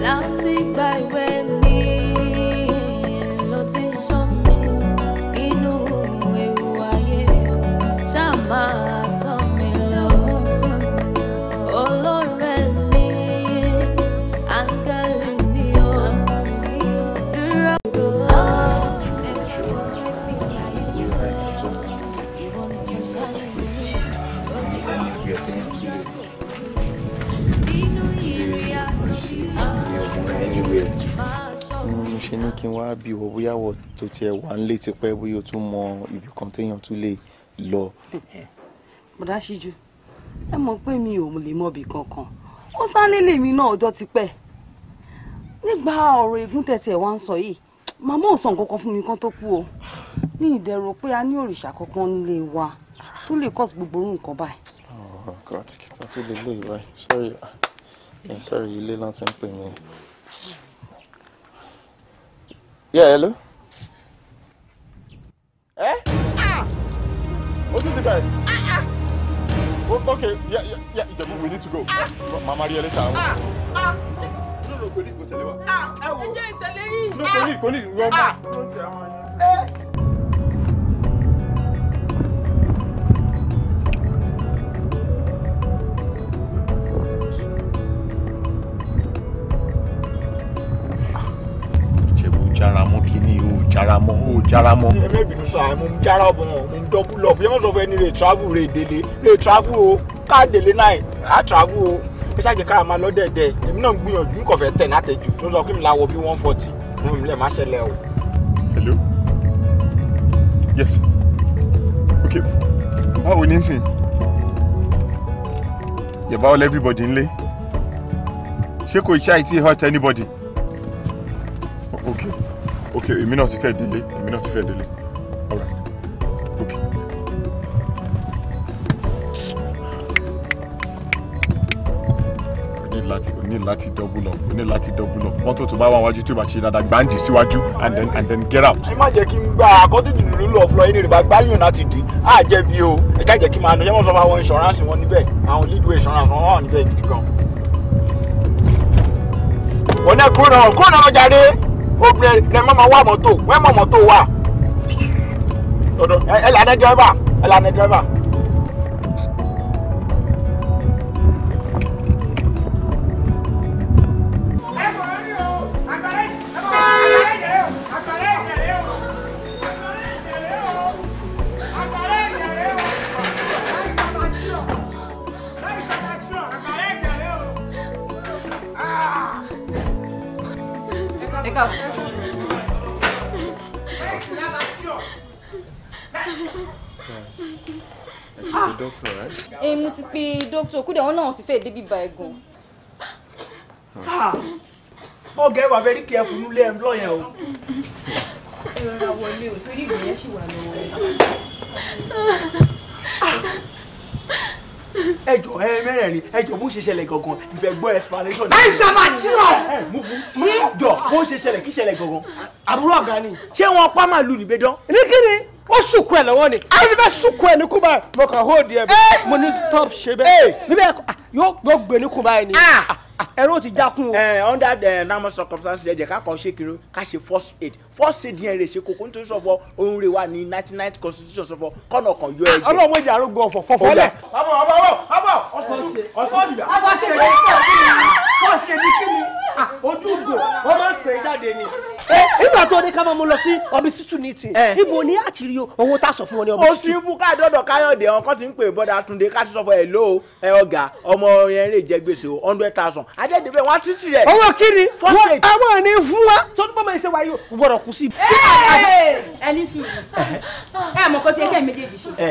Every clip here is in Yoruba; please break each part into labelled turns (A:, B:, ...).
A: láti gba ìwé mi.
B: kí n wá bí wọ bóyá wọ tó tiẹ̀ wà ń lé tipẹ́ bóyá o tún mọ ibì kan téèyàn tún lè lọ.
C: bọ̀dá ṣíjú ẹ mọ̀ pé mi ò lè mọ ibì kankan ó sáré lèmi náà ọjọ́ ti pẹ́ nígbà ọ̀rọ̀ ègún tẹ̀tẹ̀ wá ń sọ yìí màmá ò sọ nǹkan fún mi kan tó kú o ní ìdẹ̀rọ pé a ní òrìṣà kankan nílé wa tó lè kọ́sì gbogbo orú nǹkan báyìí.
D: oh god kí n tó lè lè e báyìí sorry sorry
B: ilé láti ń pè mí. Yeah, hello.
D: Eh? Ah! What is the bed? Ah, ah. okay, yeah, yeah, yeah, Ijebu, we need to go. Ah. Mama, Maria, let's Ah, ah. No, no, go need go tell you what. Ah, ẹ wo. Ẹ jẹ́ ìtẹ̀lé yìí. No, go need, go need. Ah.
E: ah! Eh.
B: jara mọ́ kíní o
D: jara mọ́ o jara mọ́. ẹ mẹ́bí sọ àwọn mo ń jára bọ̀ dọ́bù lọ bí wọ́n sọ fún ẹni rè travel rè délé rè travel o káàdélé náà á travel o ẹ ṣáàjẹ kára máa lọ́dẹ̀ẹ̀dẹ̀ èmi náà ń gbìyànjú nǹkan fẹ́ tẹ̀ náà tẹ̀jú tó sọ pé mi láwọ bí one forty mo mi lẹ̀ má ṣẹlẹ̀ o. hello yes okay báwo ní sìn yẹ̀bá all everybody ń lé ṣé kò ṣáà tí hurt anybody okay ok èmi náà ti fẹ́ délé èmi náà ti fẹ́ délé all right ok. láti o ní Lati double up o ní Lati double up mọ́tò tó bá wà wájú tó bá ṣe dáadáa gbáǹdì síwájú and then and then get out. ẹ má jẹ́ kí n gba àkọ́tìdì of law, fún ẹni rẹ̀ bá gbáyùn láti dín á jẹ́ bí o ẹ ká jẹ́ kí n máa nọ yẹ́n mọ̀ sọ fún àwọn insurance wọn níbẹ̀ àwọn leadway insurance wọn wà níbẹ̀ gidi gan. wọ́n náà kúrò náà kúrò náà lọ́jà dé obìnrin rẹ mọ́ máa wá mọ́tò wẹ́ mọ́ mọ́tò wà. ẹ lànà dírẹ́fà ẹ lànà driver.
F: kódà wọn náà ti fẹ́ débi ba ẹ̀gùn.
D: ọgá ẹ wà very careful nílé ẹ lọ yẹn o.
C: ìrora wọlé o torí ìgbìyànjú sì wà lọ́wọ́
D: ẹjọ ẹ mẹ́rẹ̀ẹ̀rin ẹjọ bó ṣe ṣẹlẹ̀ gangan ìfẹgbọ explanation. ẹ sàmàtìrọ. ẹ mú fún mú jọ bó ṣe ṣẹlẹ̀ kí ṣẹlẹ̀ gangan. àbúrò ọ̀gá ni. ṣé wọn pa màálù nìgbẹ́dán. ní kíni. O sùkú ẹ lọ́wọ́ ni àbí bẹ́ẹ̀ sùkú ẹ ní kú báyìí mo kàn hóòdì ẹ bí eh! mo ní stop ṣe yóò gbé ní kùn báyìí ni ah! Ah, ah, ẹrú ti já kún o. ẹ eh, under the normal circumstances ẹ jẹ ká kọ ṣe kiri ká ṣe first aid first aid yẹn rè ṣe kókó nítorí sọfọ ohun rè wà ní ninety nine constitution sọfọ kọ́nà kan yọ ẹ̀jẹ̀. ọlọ́mọ ìjà ló gbọ́ ọ̀fọ̀ fọ́fọ́ lẹ̀. ọmọ ọmọ ọmọ ọmọ ọsọsẹ ọsọsẹ ọsọsẹ
E: ní kíni
F: ọsọsẹ ní
G: kíni
D: ojúgbò wọn máa ń pè é jáde ni. Eh, nígbà
G: tó ní ká máa mú lọ sí
D: ọbísítù ní tì eh. ibo ní àtìrí owó tá a sọ fún wọn ní ọbísítù. oṣù ibùkún àdọ́dọ̀ káyọ̀dé ọ̀kan ti ń pè bọ́dà túnde ká ti sọ fún ẹ̀ lóò ẹ̀ ọ̀gá ọm ọmọ yẹn lè jẹ gbèsè o hundred thousand ajẹ́dẹ̀ bẹ́ẹ̀ wọ́n á títì rẹ̀. owó kíni wọ́n àwọn ní fún wa. sọ́dún bọ́mọ ìṣe wa yóò gbọ́dọ̀ kù sí.
C: ẹni sùn ẹ mọ̀ kó tiẹ̀ kẹ́ méjèèjì ṣe.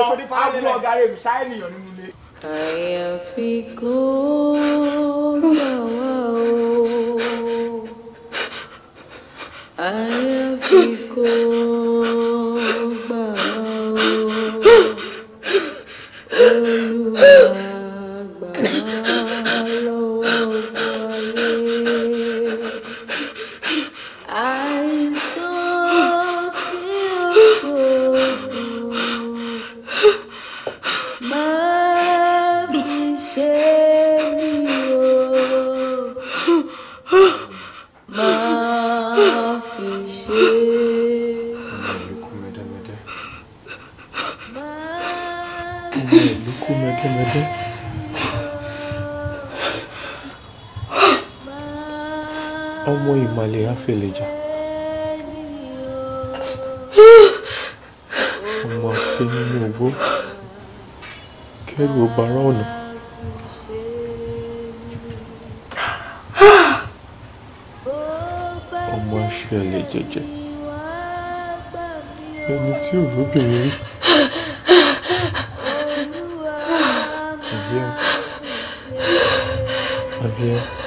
D: I ọ̀gá rẹ̀ ṣáà ènìyàn nínú ilé.
A: àyàfi kó gbà wá o àyàfi kó gbà wá o
D: ọmọdé.
B: ọmọ ìmàlẹ̀ àfẹlẹ̀jà
E: ọmọ afẹ́ nínú ògbó kẹrù ọbàrá ọ̀nà.
D: ọmọ aṣẹ ẹlẹ jẹjẹ ẹni tí òróbìnrin rí.
E: 你。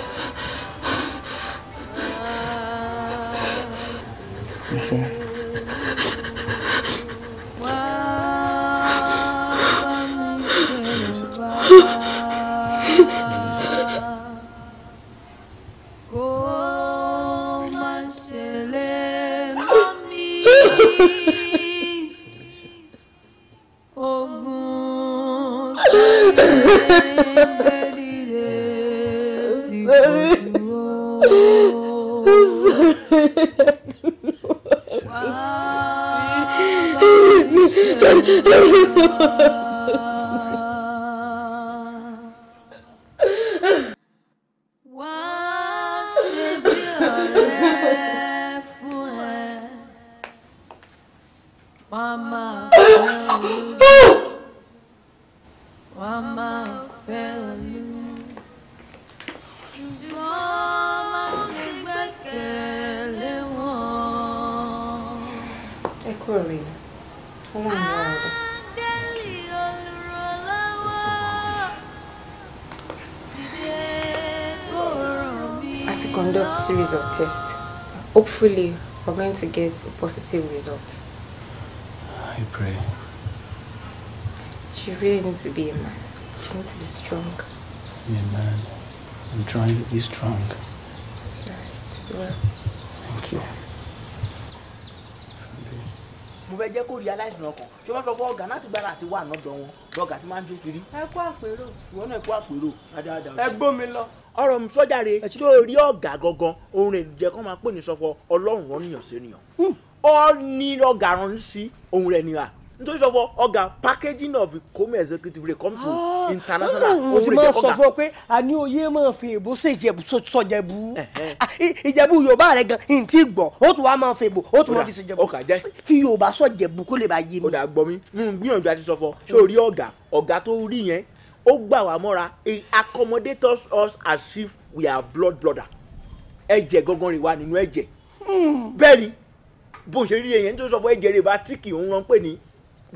H: hopefully we're going to get a positive result. I pray. She really needs to be a man. She needs to be strong.
E: Be a man. I'm trying to be strong.
H: Sorry. It's
E: well. Thank you.
D: mo fẹ́ jẹ́ kó rí aláìsàn ọkàn ṣé wọ́n sọ fún ọ̀gá láti gbára àti wà náà dán wọn lọ́gàá tí máa ń jó kiri.
C: ẹ kó àpérò.
D: ìwọ náà kó àpérò. ẹ gbó mi lọ ọ̀rọ̀ mi sọ́jà re lórí ọ̀gá gangan òun rẹ̀ jẹ́ kó máa pè ní sọ́fọ ọlọ́run rọ́nìyàn sí ènìyàn ó ní ọ̀gá rán sí òun rẹ̀ nìyà nítorí sọ ọgá packaging of come executive dey come to ah, international o sì máa sọ fún
G: ọ pé àní oyè máa fi èbó ṣe ìjẹ̀bú
D: sọ̀jẹ̀bú ah, ìjẹ̀bú yorùbá rẹ gan ntí gbọ̀ ó tún wá máa fi èbó ó tún máa fi ṣèjẹ̀bú fi yorùbá sọ̀jẹ̀bú kó lè bá yé mi. ó dà gbọ́ mi gbìyànjú àti sọ fọ ṣé o rí ọ̀gá ọ̀gá tó rí yẹn ó gbà wá mọ́ra he accommodates us, as if we are blood brother ẹ̀jẹ̀ gangan rè wá nínú ẹ̀jẹ̀ hmm. bẹ́ẹ̀ ni bó ṣe rí èyàn tó sọ fún ẹ̀jẹ̀ rè bá tíríkì òun rán pé ní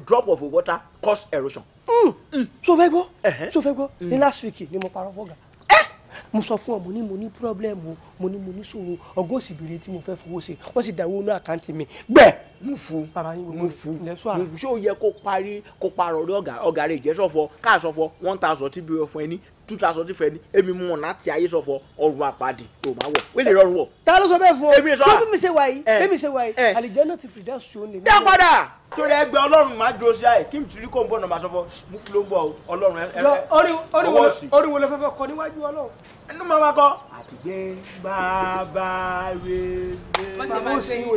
D: drop of water cause erosion.
G: so hmm. hmm. fẹ́ gbọ́ so fẹ́ gbọ́ ní last week ni mo parọ́ fọ́gà eh? mo sọ fún ọ mo ní mo
D: ní problem o mo ní mo ní ṣòro ọgọ́sì bèrè tí mo fẹ́ fowó ṣe wọ́n sì dàwó inú àkáǹtì mi gbẹ̀ẹ́ mú fún mú fún mú fún ṣé o yẹ kó parí kó parọ́ ọ̀rẹ́ ọ̀gá ọ̀gá rẹ̀ jẹ́ sọ̀fọ̀ káà sọ̀fọ̀ one thousand tí bí wọ́n fún ẹ ní two thousand tí fẹ́ ní èmi mú ọ̀nà àti ayé sọ̀fọ̀ ọ̀rùn àpàdé tó máa wọ̀ wílé rọrùn wọ̀.
G: ta ló sọ bẹ́ẹ̀ fún ọ èmi sọ wa bí mi ṣe wà yìí ṣe wà
D: yìí náà
G: ti fìdá sùn ní. dá padà
D: torí ẹgbẹ́ ọlọ́run máa dúró sí àyè kí n tìrí kò ń bọ̀ ọ̀nà máa sọ fọ mú fúlóńgbọ̀ ọlọ́run ẹ inú ma ma kọ. àtìgbẹ́ bàbá rẹ̀ rẹ̀. bàbá òsì wo lẹ́wọ́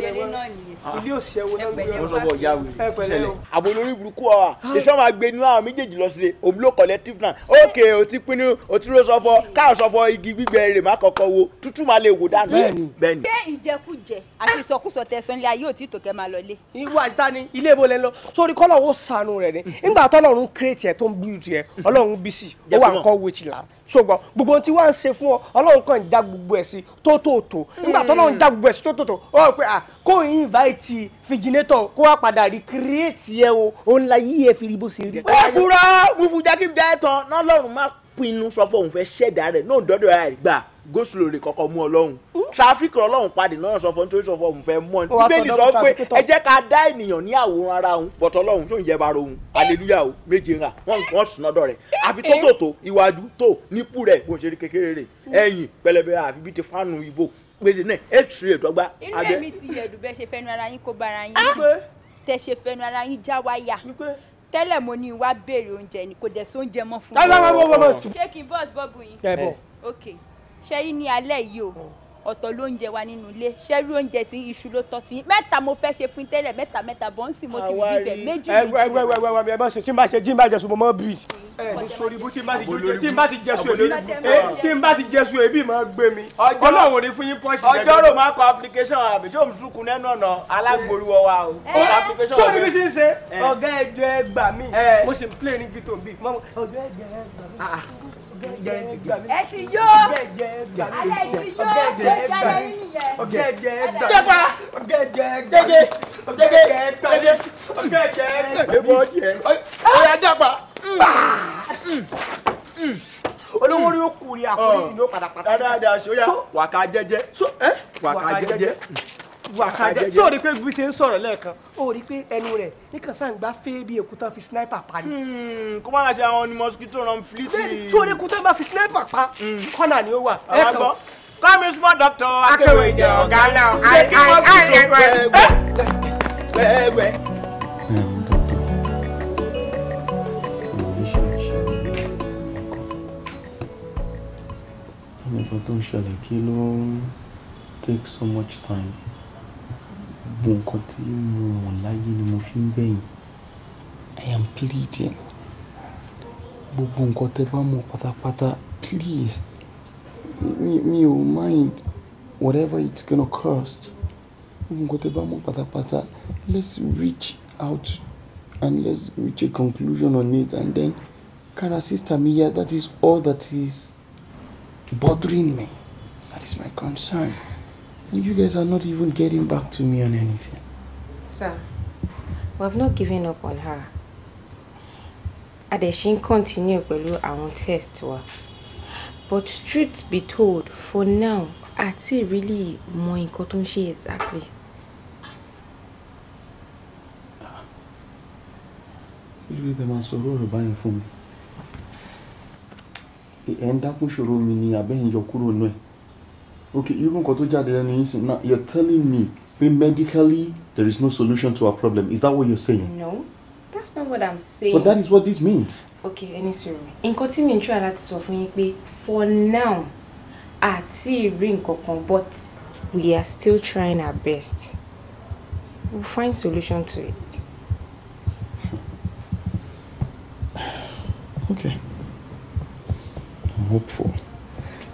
D: ilé òsì ẹ̀wọ̀ náà gbé wọn. ọ̀sọ̀bọ̀ ìyá wèrè ṣẹlẹ̀. àbò lórí burúkú ọ̀hà ah. ìṣọ́ máa gbé inú àwọn méjèèjì lọ sílé òmùlò collective náà ókè o ti pinnu o ti ró sọfọ káà sọfọ igi gbígbẹ rè má kọkọ wo tútù máa lè wò dànù. bẹ́ẹ̀ni bẹ́ẹ̀ni.
C: ṣé ìjẹkújẹ àti ìsọkúsọ tẹsán ilé ayé òtítọ́ kẹ máa lọlé. ìwọ àṣìṣà ni ilé ibo lẹ lọ sórí kọlọ wo sànù rẹ ni
D: nígbà tọ́lọ́run kírètì ẹ tó ń bí ju tiẹ Ọlọ́run bísí ó wà ń kọ wo ti là ṣùgbọ́n gbogbo tí wọn ń ṣe fún ọ ọlọ́run kàn dá gbogbo ẹ̀ sí tótótó nígbà tó ọlọ́run dá gbogbo ẹ̀ sí tótótó ọ rò pé à kó invite fìjìnétọ̀ kó wá padà recreate yẹ o òun la yí ẹ fi rí bó ṣe rí. ó kúrò mufu jákèjá tán náà lọ́run má pinnu sọ fún òun fẹ́ ṣẹ̀dá rẹ̀ náà dọ́dọ̀ rẹ̀ gbà goslo lè kọ́kọ́ mú ọlọ́run hmm? tráfíkì ọlọ́run padì náà sọ fún nítorí sọ fún òun fẹ́ mọ́ ní bíbélì sọ pé ẹ jẹ́ ká dá ènìyàn ní àwòrán ara òun bọ̀tọ̀ ọlọ́run tó ń jẹ́ bara òun aleluya o méje ra wọ́n wọ́n sùn lọ́dọ̀ rẹ̀ àfi tó tòótó iwájú tó nípù rẹ̀ bó ṣe rí kékeré rẹ̀ hmm. ẹ̀yìn pẹlẹbẹ àfi bíi ti fánù ìbò méje náà ẹ̀ sì rè dọ́gba. inú ẹ̀mí
C: ti yẹ̀dù bẹ́ẹ̀ ṣe fẹ́nu ara yín kó bara yín ah! tẹ̀ ṣe fẹ́nu ara yín já wáyà tẹ́lẹ̀ mo ní wá béèrè oúnjẹ ni kò dẹ̀ sóúnjẹ mọ́ fún mi. ṣé kí n bọ́ọ̀sì bọ́ọ̀bù yín. ok ṣe rí ní alẹ́ yìí o ọ̀tọ̀ ló ń jẹ wa nínú ilé ṣẹ́rú oúnjẹ tí iṣu ló tọ́ sí mẹ́ta mo fẹ́ ṣe fún tẹ́lẹ̀ mẹ́ta mẹ́ta bọ́ ń sìn mo ti rí ibẹ̀ méjì méjì. ẹ wẹ
D: wẹ wẹ wẹ ẹ bá ṣe tí n bá ṣe tí n bá jẹsùn mo mọ bì.
C: ẹ ní sori bú tí n bá ti jẹsùn tí n bá ti jẹsùn èbí tí
D: n bá ti jẹsùn èbí máa gbé mi. ọlọ́run ò ní fún yín pọ́ọ̀sì gẹ́gẹ́. ọjọ́ rò máa kọ application àbí tí òun sunkún nẹ́nu ọ̀nà alágbòrúwọ wa o. sọ ni bí ṣe ń ṣe ọ̀gá ẹjọ́ ẹgbàá mi mo ṣe ń play ní gítò
G: bíi ọjọ́ ẹgbàá mi ẹ ti yó alẹ́ ti
D: yó jẹ́jẹ́ yín yẹn. jẹ́pa jẹ́jẹ́ jẹ́jẹ́ jẹ́jẹ́ ebò jẹ́ ọ̀yà jẹ́pa. olówó ni ó kù ni àkórí oh. ni ó padà padà. dáadáa ṣe ó yà wàkà jẹ́jẹ́ eh? wàkà jẹ́jẹ́. Mm wàkàjẹ́ tí o rí pé bí ti ń sọ̀rọ̀ lẹ́ẹ̀kan
G: o rí pé ẹnu rẹ̀ nìkan sáà ń gbá fẹ́ èkúta fi sniper pa ni. Hmm, kó
D: má láṣẹ àwọn ni mosquito ran fliti. tí o rí kúta bá fi sniper pa hmm. kọ́nà ni ó wà. ẹ̀kọ́ kọ́mi small doctor akéwì jẹ ọ̀gá lọ. àìkí mosquito wẹ́wẹ́.
B: nǹkan tó ń ṣẹlẹ̀ kí ló ń take so much time gbogbo nǹkan tí mo mọ̀ láyé ni mo fi ń bẹ̀ yín.
D: I am pleading. Gbogbo nǹkan tẹ bá mọ̀ pátápátá, please, mi, mi
B: ò mind whatever it's gonna cost. Gbogbo nǹkan tẹ bá mọ̀ pátápátá, let's reach out and let's reach a conclusion on it and then kára sister mi yá, that is all that is bothering me. That is my concern. You guys are not even getting back to me on anything.
H: Sir, we have not given up on her. Adeshin continue pẹ̀lú àwọn test wa. But truth be told, for now, àti really mọ nǹkan tó exactly.
B: You ló dé máa sọ̀rọ̀ ọ̀rọ̀ báyìí fún mi? Ẹ̀ ń dákún ṣòro mi ni àbẹ́yìn yọ kúrò náà okay irú nǹkan tó jáde lẹ́nu yín sìn now you're telling me pé medically there is
D: no solution to our problem is that what you're saying.
H: no that's not what i'm saying. but that
D: is what this means.
H: okay ẹni sọ̀rọ̀ nǹkan tí mi ń try láti sọ fún yín pé for now àti rí nǹkan kan but we are still trying our best we'll find solution to it.
G: okay i'm hopeful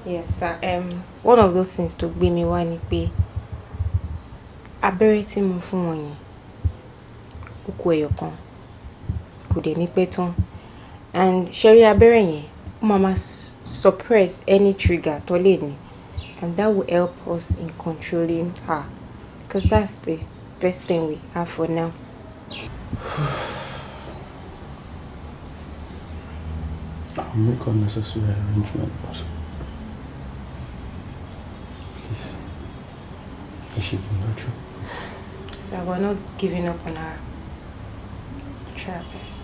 H: yes sir um, one of those things to gbé mi wá ni pé abẹ́rẹ́ tí mo fún wọn yẹn ó kó kan kò dẹ̀ ní pẹ́ tán and ṣẹ́rí abẹ́rẹ́ yẹn ó máa ma suppress any trigger tó lè ní and that will help us in controlling her because that's the best thing we have for now.
D: I'll make unnecessary arrangements.
B: ìṣègbìyànjú.
H: Sir, we're not giving up on our therapist.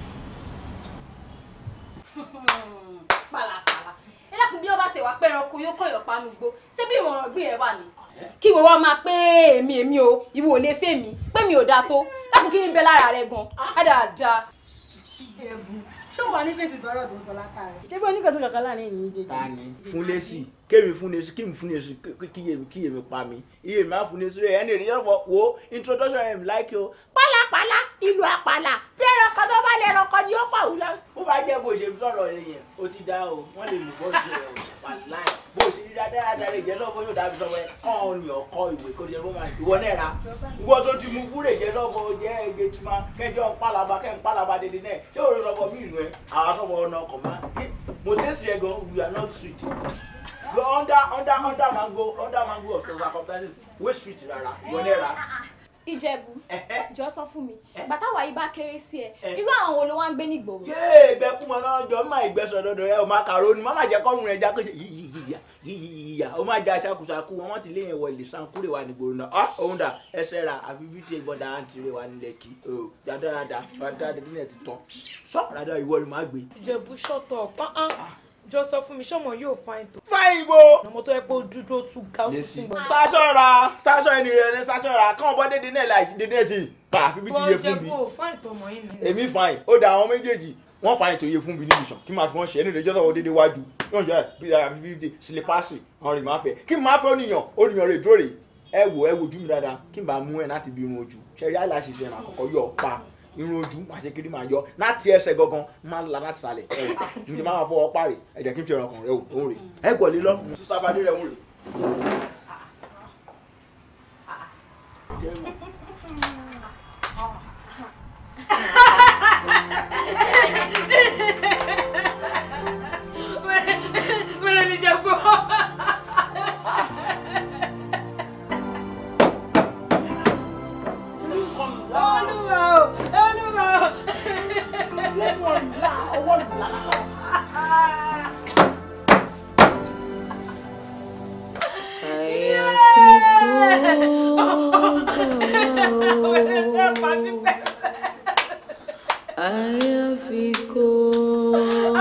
F: Pàlàpàlà. Ẹ dákun bí ọba ṣe wá pé ẹranko yóò kàn yọ̀pá nugbó. Ṣé bí ìwọ̀n ọ̀gbìn yẹn wà ní? Kí ìwọ wá máa pé o, ìwọ ò mi, pé mi ò dáa tó. Dákun ṣé wà ní fèsì sọ̀rọ̀ tó ń sọ látàrí.
C: ṣé bí oníkọ̀sí kankan láàrin èyí méjèèjì. ta
D: ni fúnlẹ́sì kémi fúnlẹ́sì kémi fúnlẹ́sì kíyèmí kíyèmí pa mi iye mi á fúnlẹ́sì rẹ̀ ẹni ìrìnàjò wo introduction rẹ̀ mi láìkí o pálí apala ìlú apala bí ẹranko tó bá lè ẹranko ni ó pọ̀ wù lọ. bó bá jẹ́ bó ṣe sọ̀rọ̀ yẹn o ti dá o wọ́n lè lù bọ́ ju ẹ̀ wà láì bó ṣe rí dáadáa dáadáa jẹ́ lọ́wọ́ yóò dábì sọ́wọ́ ẹ̀ kàn án ni ọkọ ìwé kó jẹ́ rọ́mà ìwọ náà ra ìwọ tó ti mú fúrè jẹ́ lọ́wọ́ jẹ́ ege tí ma kẹjọ pálaba kẹ́ ń pálaba dédé náà ṣé òun lọ́wọ́ mí ìlú ẹ̀ àwọn sọ́wọ́ ọ̀nà ọkọ̀ má mo tẹ́sí ẹ̀ gan we under under under mango under mango of circumstances wey sweet rara ìwọ náà
F: ìjẹ̀bù jọ sọ fún mi bàtà wàyí bá kéré sí ẹ irú àwọn wo ló wá ń gbé nígboro. yéè
D: ìgbẹ́kùmọ̀ náà jọ má ìgbẹ́sọ̀ lọ́dọ̀ rẹ o máa kàró ni má má jẹ́ kọ́run rẹ jákèjì yíyíyíyá yíyíyíyá o máa jẹ aṣakùsàkù wọn ti léyìn wọ ilé sankúrè wa nígboro náà ọ òun dà ẹsẹ ra àfi bí tiẹ gbọdọ à ń tirẹ wa nílẹ̀ kí o dáadáa dáadáa dáadáa nílẹ̀ ti tán sọ
C: jọ sọ fún mi ṣọmọ yóò fáìn tó. fáìn wo. ọmọ tó yẹ pé ó dúdú ó tún ga ó tún sí gbọ́n. sásọ̀ra sásọ̀ ẹni rẹ̀ ní sásọ̀ra kàn bọ́ dédé náà láì dédé ti
D: pa bíbí ti yẹ fún mi. bọ́ọ̀jẹ̀
C: kò fáìn tọmọ yìí nìyẹn.
D: èmi fáìn ó da àwọn méjèèjì wọ́n fáìn tó yẹ fún mi níbi sàn kí máa fi wọ́n ṣe ẹni rẹ̀ jọ́ sọ̀rọ̀ dédé wájú yóò jẹ́ bíbí sílípàṣì àwọn rìn máa fẹ́ kí máa fẹ́ oníyàn oníyàn rẹ̀ dóòrè ẹ wò ẹ wojú mi dáadáa kí n bá mú ẹ láti bí irun ojú ṣe àìláṣẹ ìṣẹ̀ràn àkọ́kọ́ yóò pa irun ojú máa ṣe kiri máa yọ láti ẹsẹ̀ gangan máa ń la láti sàlẹ̀ ẹ wò ní máa wà fọwọ́ parí ẹ jẹ́ kí n fi ẹran kan rẹ wò ó rè é gbọ̀ lé sísá fadé rẹ wò rè.
C: Thank you. ọwọ́ ìlà ọwọ́ ìlà
A: àyàfi kó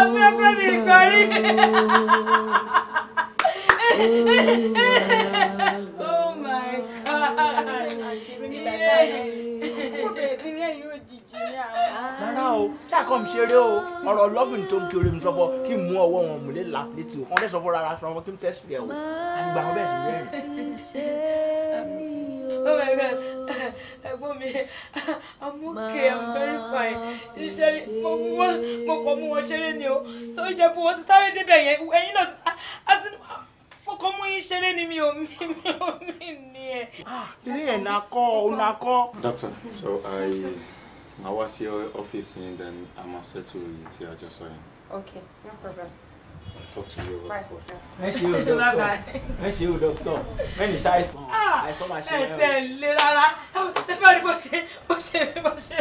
E: abẹ́bẹ́ ní
C: my god àṣírí nígbà tá a yẹ kò bẹ̀rẹ̀ sí ní ẹ̀yìn òjijì ní àwọn. rárá o
D: ṣàkọ́ mi ṣeré o ọ̀rọ̀ lọ́gùn tó ń kí orí mi sọ́fọ́ kí n mú ọwọ́ wọn mú lé la létí o kàn fẹ́ sọ́fọ́ rárá sọ́fọ́ kí n tẹ́sí rẹ̀ o àgbà
A: wọn bẹ̀rẹ̀ sí rẹ̀. Oh
C: my God, ẹ̀gbọ́n mi, I'm okay, I'm very fine. Ṣé mo kàn mú wọn ṣeré ni o? Sọ jẹ́ pé ti sáré débẹ̀ yẹn, ẹ̀yin náà nǹkan mú yín ṣeré ni mi ò mi mi ò mi ni ẹ. Ah, ilé ẹ̀ náà
B: doctor so i ma wá sí office and then i ma settle with you. I just saw him.
C: okay no problem.
H: I'll talk to you
C: Bye, it. Ẹ ṣe o dọ́kítọ̀. Ẹ
D: ṣe o dọ́kítọ̀. Mẹ́ni ṣàìsàn. Ah, àìsàn máa ṣe ẹ̀rọ. Ẹ tẹ̀
C: lé rárá. Ṣé bá rí bó ṣe bó ṣe bó ṣe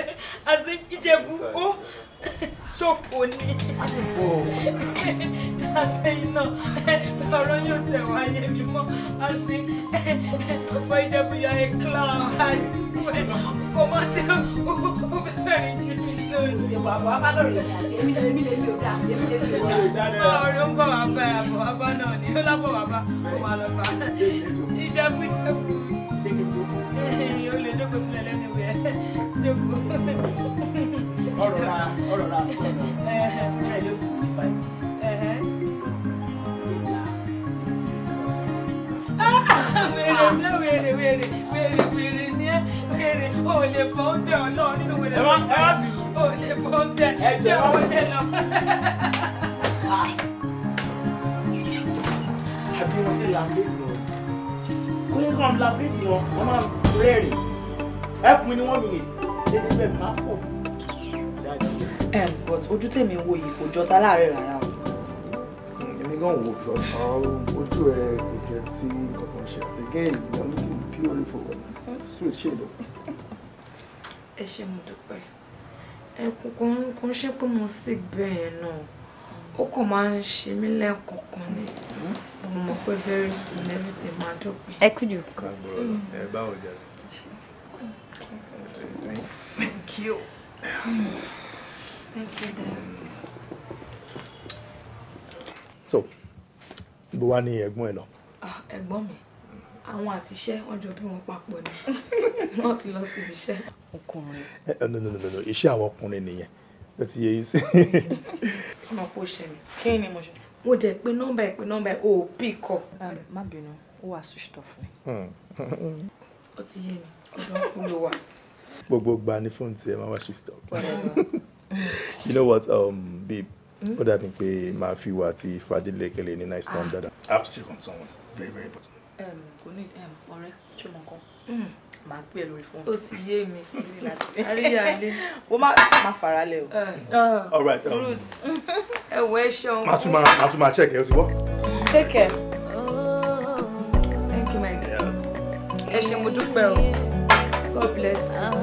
C: àtẹ̀yìn náà yóò tẹ̀ wáyé mi mọ́ a sì ọ̀pọ̀ ìjẹ́bùyà ẹ̀ clown àti
F: kọ́mọ́dé ó
C: fẹ́ fẹ́rẹ̀ jù mí lónìí. ìjọba àbọ̀ abá lórí ìyá àti èmi lèmi lèmi ò dáa èmi lèmi ò dáa. ọ̀rọ̀ ń bọ̀ wá bá àbọ̀ abá náà ni ó lábọ̀ wá bá ó máa lọ bá ìjẹ́bù ìjẹ́bù ó lè jókòó sílẹ̀ lẹ́nu ìwé jókòó. ọ̀rọ̀ ra ọ̀rọ̀ ra ọ̀rọ̀ ra ẹ̀ ẹ̀ ló fún mi báyìí.
D: Àbí wọ́n ti làbẹ́tì wọn. Kúnyẹ́ kan làbẹ́tì wọn, wọ́n máa rẹ́rìn. Ẹ fún mi ní one
G: minute, dédé bẹ́ẹ̀ máa fọ̀. But ojú tèmi ń wo yìí kò jọta láàárẹ̀ rárá o
D: náà wò because ojú ẹ kò jẹ tí nǹkan kan ṣe again we are looking purely for sweet shade.
C: ẹ ṣe mo dúpẹ́ ẹkùn kò ń ṣe pé mo sì bẹ́ẹ̀ náà ó kàn máa ń ṣe mí lẹ́ẹ̀kọ̀ọ̀kan ni mo mọ̀ pé very soon everything máa dọ̀pẹ́. ẹ kújò. Mm.
D: ẹ báwo jẹ.
E: Thank you. Thank you, Dad.
D: bó wá ní ẹ̀gbọ́n ẹ lọ.
C: Ah, ẹ̀gbọ́n mi àwọn àtiṣẹ́ wọ́n jọ bí wọ́n papọ̀ ni wọ́n ti lọ síbi iṣẹ́. ọkùnrin.
D: Eh, eh, no no no no iṣẹ́ àwọn ọkùnrin nìyẹn ló ti yẹ yìí sí.
C: ọmọ kò ṣe mi kí ni mo ṣe. mo dẹ̀ pé nọ́mbà ẹ̀ pé nọ́mbà ẹ̀ ò bí kọ. má bínú ó wà sùsùtò fún
E: mi.
C: ó ti yé mi ọ̀dọ́ kúlò wà.
D: gbogbo gba ní fóònù tí ẹ máa wá sùsùtò. you know what um, babe ó dàbí pé máa fi wà tí fadílẹ̀ kẹlẹ̀ ní nice time ah. dada. I have to check
G: on someone very very important. Um, kò ní ọ̀rẹ́ ṣé mo kọ́ máa gbé ẹ lórí fóònù. ó ti yé mi àríyá ilé.
C: wọ́n máa fara lẹ̀ o. Eh, hmm. ah.
E: all right roots
C: ẹ wọ ẹ ṣeun. màá tún máa
D: màá tún máa check ẹ o ti wọ́.
C: take care. thank you my dear. ẹ ṣé mo dúpẹ́ o. God bless you.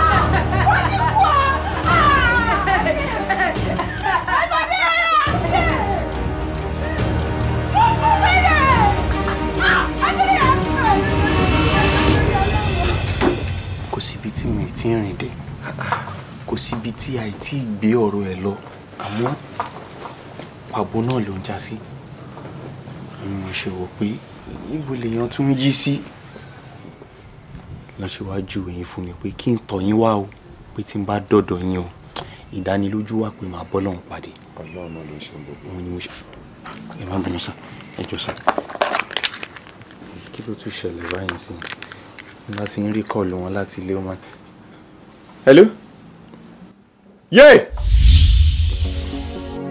B: tí mi ti rìn dé kò síbi tí a ti gbé ọ̀rọ̀ ẹ̀ lọ àmọ́ pàbó náà ló ń já sí mo ṣe wò pé ibo lèèyàn tún yí sí lọ́sẹ̀ wá ju èyí fún mi pé kí n tọ̀ yín wá o pé tí n bá dọ̀dọ̀ yín o ìdánilójú wà pé màá bọ́lọ̀ ń pàdé. ọlọ́run ló ń ṣe gbogbo. òun ni mo ṣe ẹ má bínú sá ẹ sá kí ló tún ṣẹlẹ̀ báyìí sí i n bá ti ń rí kọ́ọ̀lù wọn láti ilé wọn. hello yay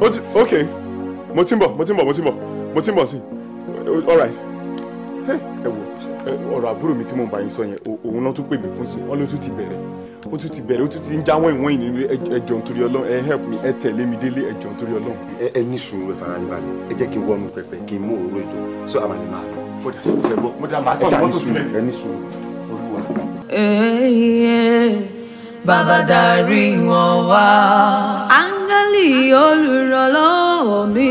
D: o ti ok mo ti ń bọ̀ mo ti ń bọ̀ mo ti ń bọ̀ mo ti ń bọ̀ sí all right ẹ wo ọ̀rọ̀ àbúrò mi tí mo bá yín sọ yẹn òun náà tún pè mí fún sí ọ́n ló
B: tún ti bẹ̀rẹ̀ ó tún ti bẹ̀rẹ̀ ó tún ti ń jáwọ́ ìwọ̀n yìí nínú ẹjọ́ nítorí ọlọ́run ẹ help me ẹ tẹ̀lé mi délé ẹjọ́ nítorí ọlọ́run. ẹ ní sùúrù ẹ fara ní balẹ̀ ẹ jẹ́ kí n wọnú pẹpẹ kí n mú òróró ìjọ sọ àmàlẹ́ máa lọ. bọ́dà ṣe é ṣe gbọ́ ẹ ní sùúrù ẹ ní sùúrù
A: bàbá darí wọn wá. áńgẹ́lì olùrànlọ́wọ́ mi.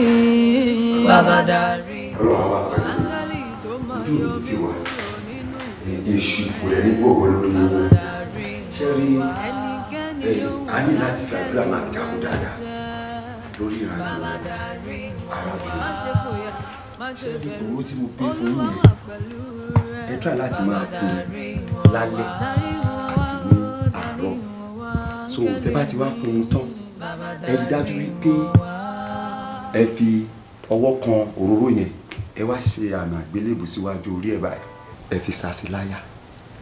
A: bàbá darí
B: áńgẹ́lì tó máa yọ mí wọ nínú ìlú. èṣù kò lè ní gbogbo lórí yín. ṣé rí a ní láti fi àdúrà máa jago dáadáa
A: lórí ìrìnàjò arábìnrin. ṣé rí
B: owó tí mo pè fún yín yẹn
A: ẹ try láti máa fún
B: un lálẹ́ àti ní àárọ̀ so tẹ bá ti wá fún un tán ẹ rí dájú wípé ẹ fi ọwọ́ kan òróró yẹn ẹ wá ṣe àmì àgbélébù síwájú orí ẹ báyìí ẹ fi sàṣì láyà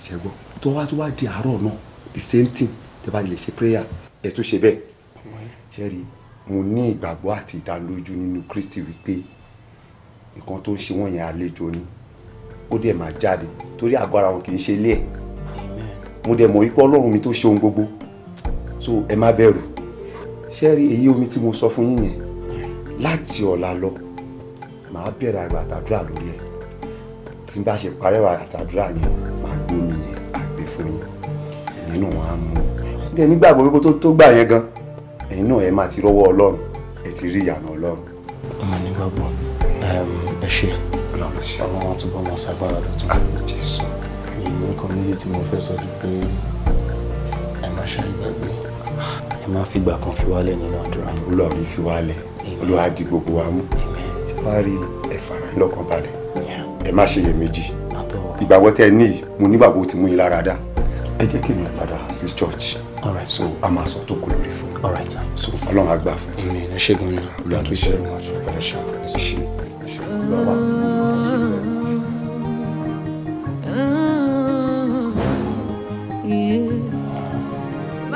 B: ṣẹgbọ́ tó wá tó wá di àárọ̀ náà the same thing tẹ bá lè ṣe prayer ẹ tún ṣe bẹ́ẹ̀ ṣẹ́rí mo ní ìgbàgbọ́ àti ìdánilójú nínú Kristi wípé nǹkan tó ń ṣe wọ́n yẹn àlejò ni kó dẹ̀ máa jáde torí àgọ́ ara wọn kì í ṣe ilé ẹ̀ mo dẹ̀ mọ̀ wípé ọlọ́run mi tó ṣe ohun gbogbo so ẹ má bẹ̀rù ṣé rí èyí omi tí mo sọ fún yín yẹn láti ọ̀la lọ màá bẹ̀rẹ̀ àgbà àtàdúrà lórí ẹ̀ tí n bá ṣe parẹ́wà àtàdúrà yẹn màá gbómi yẹn àgbè e fún yín ẹ̀yin náà wàá mú un bí ẹni wípé tó tó gbà yẹn gan ẹ̀yin náà ẹ máa ti rọ́wọ́ ọlọ́run ẹ ti rí ìyànà ọlọ́run. ọmọ nígbàgbọ́ ẹ ṣe náà lọ ṣe. ọlọ́run túbọ̀ máa ṣàgbára dọ̀tún. àmì ah, jésù. èyí orúkọ méjì tí mo fẹ́ sọ ju pé ẹ má ṣe ìgbàgbé ah, ẹ má fìgbà kan fi wálẹ̀ nínú àdúrà. olùwàrí fi wálẹ̀ olúwa di gbogbo wa mú ṣé wàá rí ẹ fara lọ́kàn balẹ̀ ẹ má ṣe iyèméjì ìgbàgbọ́ tẹ ẹ ní yìí mo nígbàgbọ́ ti mú yín lára dá ẹ jẹ́ kí mi padà sí church. all right so a máa sọ tó kú lórí fún. all right sir. so ọlọ́run á gbà amen ẹ ṣe gan-an thank you so much. ẹ ṣe ẹ ṣe lọ́wọ́.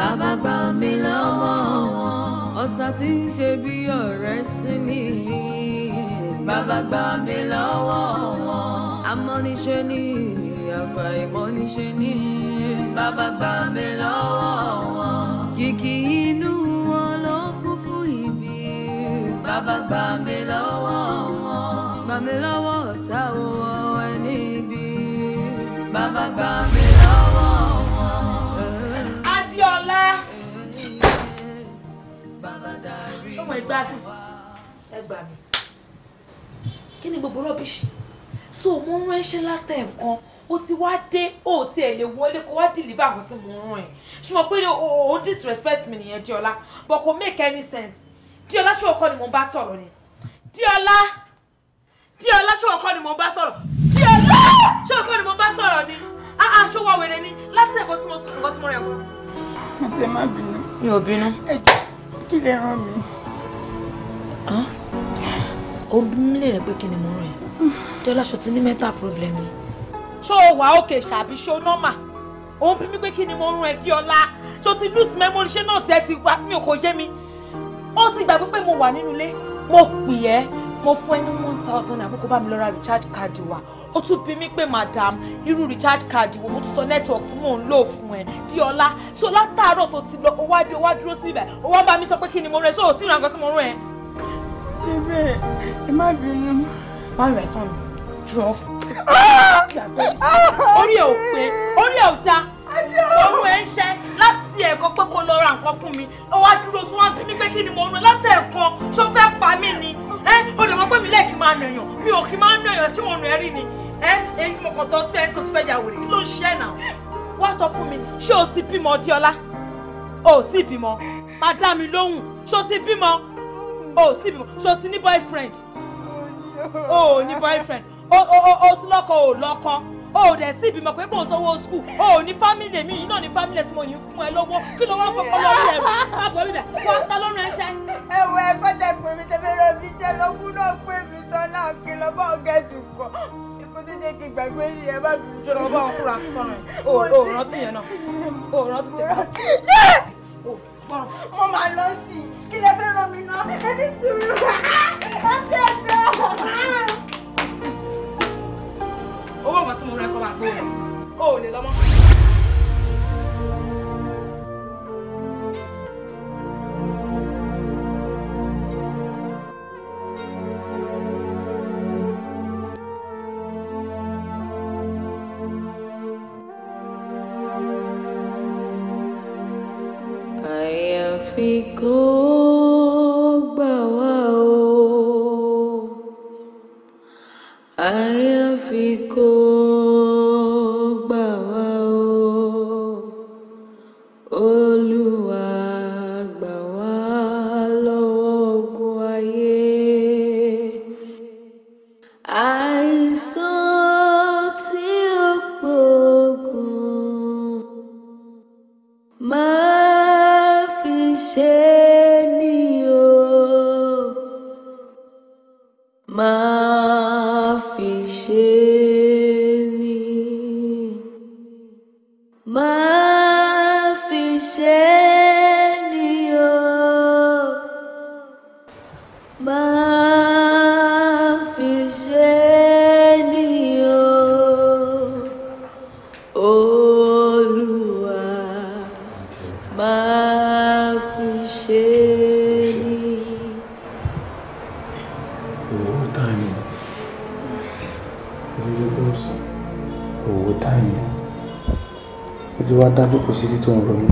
A: bàbá gbà mí lọ́wọ́ ọ̀tá tí ń ṣe bí ọ̀rẹ́ sí mi bàbá gbà mí lọ́wọ́ amọ́niṣe ni àfàìmọ́niṣe ni bàbá gbà mí lọ́wọ́ kìkì inú wọn ló kún fún ibi bàbá gbà mí lọ́wọ́ gbà mí lọ́wọ́ ọ̀tá wo ẹni ibi bàbá gbà mí lọ́wọ́.
C: mọ̀ ẹ gbádùn ẹ gbà mí
I: kí ni gbogbo rọ́bìṣì
C: so mo rán ẹṣẹ́ látẹ̀ nǹkan ó ti wá dé ó ti ẹ̀ lè wọlé kó wá dìlíbà àwọn tí mo rán ẹ̀ ṣùgbọ́n pé ó disrespect mi nìyẹn díọ́lá but kò make any sense díọ́lá ṣé ọkọ ni mo bá sọ̀rọ̀ ni díọ́lá díọ́lá ṣé ọkọ ni mo bá sọ̀rọ̀ díọ́lá ṣé ọkọ ni mo bá sọ̀rọ̀ ni aṣọ ah, ah, wa wèrè ni látẹ̀kọ́ tí mo sọ̀rọ̀ nǹkan tí mo rẹ̀ wọ́n. mo tẹ má bínú. mi ò bínú. ẹ kí lè ràn mí ó bí mi lè rẹ̀ pé kí ni mo rìn tẹ́lá ṣọtí ní mental problem ni. ṣó o wà òkè ṣàbí ṣó nọ́mà òun bí mi pé kí ni mo rún ẹ kí ọlá ṣó ti lose memory ṣé náà tiẹ̀ ti wá mi ò kò yé mi ó ti gbàgbé pé mo wà nínú ilé mo pè ẹ́ mo fún ẹ ní one thousand naira kókó bá mi lọ ra recharge card wa ó tún bí mi pé madam irú recharge card wo mo tún sọ network tí mo ń lò fún ẹ di ọlá so látàárọ̀ tó ti lọ ó wá dé ó wá dúró sí ibẹ̀ ó wá bá mi sọ pé kí ni mo rún ẹ so ò tí ì ràn kan tí mo rún ẹ ṣe bẹ́ẹ̀ ẹ má bínú. wọ́n rẹ̀ sọ̀rọ̀ jù ọ́. Ah! Ah! orí ẹ̀ ò Oh! orí ẹ̀ ò da òun ẹ̀ ń ṣe láti ẹ̀kọ́ pé Oh! lọ ra nǹkan fún mi ó wá dúró sí wọn bí mi pé kí ni mo rún látẹ̀ẹ̀kan ṣó fẹ́ pa mí ni ẹ o lè mọ pé mi lẹ́ẹ̀kì máa nàyàn mi ò kí máa nàyàn sí òun ẹ̀ rí ni ẹ èyí tí mo kàn tọ́ sí Oh! ń sọ ti fẹ́ yà wèrè kí ló ń ṣe ẹ̀ náà wá sọ fún mi ṣé o ti bímọ Diola o ti bímọ má dá mi lóhùn ṣé o ti bímọ. Oh, see, bímọ ṣó ti ní boyfriend Oh, oh ní boyfriend oh, oh, oh, sí oh, o Oh, o dẹ̀ sí ìbímọ pé bóun sanwó school Oh, ní family èmi yìí náà ní family tí mo yìí fún ẹ lọ́wọ́ kí ló wá fọkọ lórí ẹ̀ má pọ̀ mí bẹ̀ wá ta ló rán ẹṣẹ́.
F: ẹ wọ ẹkọ
G: tẹ pé mi tẹfẹ rẹ mi jẹ lọkùn náà pé mi tán náà kí lọ bá ọgá ẹsùn kọ
C: ikú tó jẹ kí gbàgbé yìí ẹ bá dùn. jọlọ bá wọn fúnra tọrọ ẹ o rántí yẹn náà o oh, rántí tẹ gbọ́ràn mo máa lọ sí i kí lè fẹ́ ràn mí náà
E: ẹni sùúrù
C: àti ẹ̀dọ́. owó nǹkan tí mo rẹ kọ́ máa gbé o ò lè lọ́mọ́.
E: owó táìmù
B: ìdílé tó ń sọ owó táìmù ó ti wá dájú kò síbi tó ń ronú